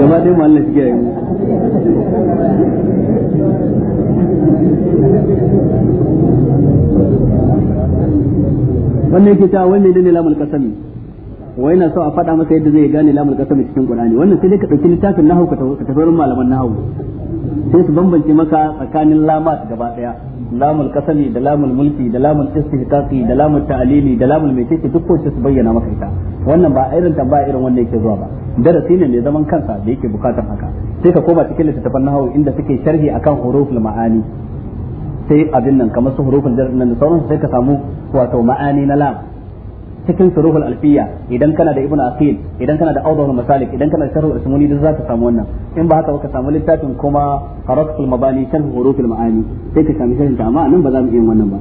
gaba dai mallan shi kiyaye mu wannan ke ta wani ne ne lamul kasami wa yana so a faɗa masa yadda zai gane lamul kasami cikin qur'ani wannan sai dai ka dauki littafin nahwu ka tafi wurin malaman nahwu sai su bambance maka tsakanin lamat gaba daya lamul kasami da lamul mulki da lamul istihqaqi da lamul ta'lili da lamul mecece duk ko su bayyana maka ita wannan ba irin tambaya irin wannan yake zuwa ba darasi ne mai zaman kansa da yake bukatar haka sai ka koma cikin littattafan nahwu inda suke sharhi akan huruful ma'ani sai abin nan kamar su huruful jar nan da sauransu sai ka samu wato ma'ani na lam cikin suruhul alfiya idan kana da ibnu aqil idan kana da awdahul masalik idan kana da sharhul usmani duk zaka samu wannan in ba haka ba ka samu littafin kuma qaraqul mabani sharh hurufil maani sai ka samu sharhin ta amma nan ba za mu yi wannan ba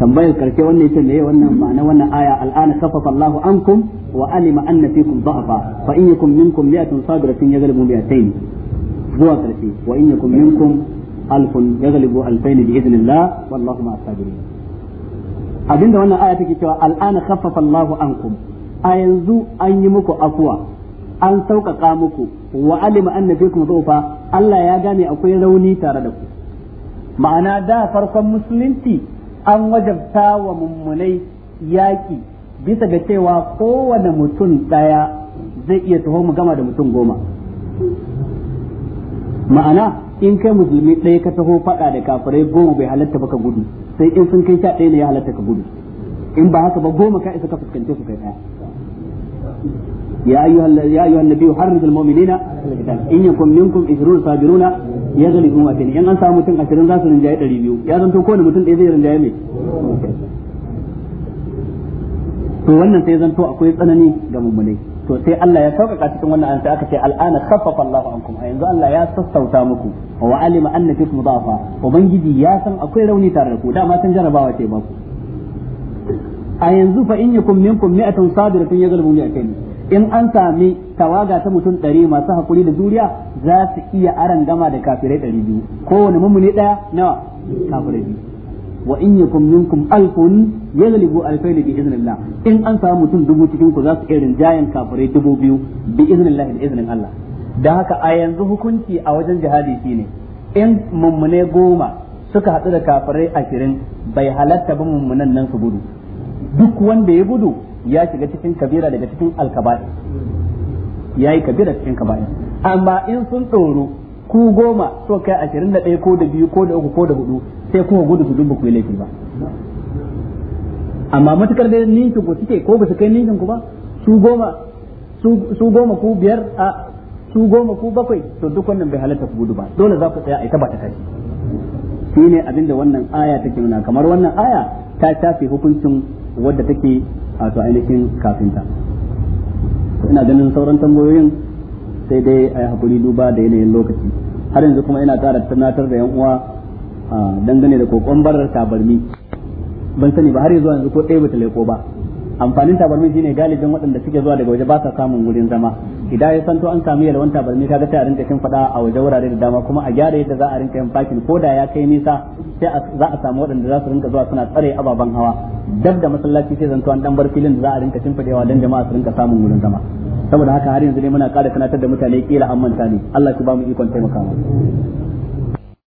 tambayar karshe wannan yace meye wannan ma'ana wannan aya al'ana khaffafa Allahu ankum wa alima anna fikum dha'fa fa in yakum minkum mi'atun sabiratin yaghlibu mi'atayn zuwa karshe wa in yakum minkum alfun yaghlibu alfayn bi idnillah wallahu ma'as sabirin abinda wannan aya take cewa al'ana khaffafa Allahu ankum a yanzu an yi muku afuwa an sauƙaƙa muku wa alima anna fikum dhufa Allah ya gane akwai rauni tare da ku ma'ana da farkon musulunci an wajabta wa mummunai yaƙi bisa ga cewa kowane mutum ɗaya zai iya taho mu gama da mutum goma ma'ana in kai musulmi ɗaya ka taho faɗa da kafirai goma bai halatta ka gudu sai in sun kai sha ɗaya ne ya halatta ka gudu in ba haka ba goma ka isa ka fuskance su kai ɗaya يا أيها يا أيها النبي حرض المؤمنين إن يكن منكم 20 صابرون يغلبوا 200 20 za su rinjaye 200 ya zanto kowane mutum ɗaya zai rinjaye mai to wannan sai zanto akwai tsanani ga mummunai to sai Allah ya sauƙaƙa cikin wannan an sai aka ce al'ana khaffafa Allahu ankum a yanzu Allah ya sassauta muku wa alima anna fikum da'fa ubangiji ya san akwai rauni tare da ku dama san jarabawa ce ba ku a yanzu fa in yakum minkum mi'atun sabiratun yaghlibu mi'atayn in an sami tawaga ta mutum ɗari masu hakuri da juriya za su iya aran gama da kafirai ɗari biyu kowane mummuni ɗaya nawa kafirai biyu wa in yakum minkum alfun yaglibu alfayl bi iznillah in an samu mutum dubu cikin ku za su irin jayan kafirai dubu biyu bi iznillah da iznin Allah da haka a yanzu hukunci a wajen jihadi shine in mummune goma suka hadu da kafirai ashirin bai halatta ba mummunan nan su gudu duk wanda ya gudu ya shiga cikin kabira daga cikin alkaba'i ya yi kabira cikin kaba'i amma in sun tsoro ku goma so kai ashirin da ɗaya ko da biyu ko da uku ko da hudu sai kuma gudu su dubu ku yi laifi ba amma matukar da ninkin ku suke ko ba su kai ninkin ku ba su goma su goma ku biyar a su goma ku bakwai to duk wannan bai halatta ku gudu ba dole za ku tsaya a ita ba ta kashi shi ne abin da wannan aya take nuna kamar wannan aya ta tafi hukuncin wadda take a to ainihin kafinta ina ganin sauran tambayoyin sai dai a yi hakuri duba da yanayin lokaci har yanzu kuma ina tsara tunatar da yan uwa dangane da kokon barar tabarmi ban sani ba har yanzu yanzu ko ɗaya bata leko ba amfanin tabarmi shine galibin waɗanda suke zuwa daga waje ba sa samun wurin zama idan ya santo an samu yalwan tabarmi kaga sai a rinka kin fada a waje wurare da dama kuma a gyara yadda za a rinka yin parking ko da ya kai nisa sai za a samu waɗanda za su rinka zuwa suna tsare ababen hawa dab da masallaci sai zanto an dan bar filin da za a rinka shin fadewa dan jama'a su rinka samun wurin zama saboda haka har yanzu ne muna ƙara sanatar da mutane kila an manta ne Allah ki ba mu ikon taimakawa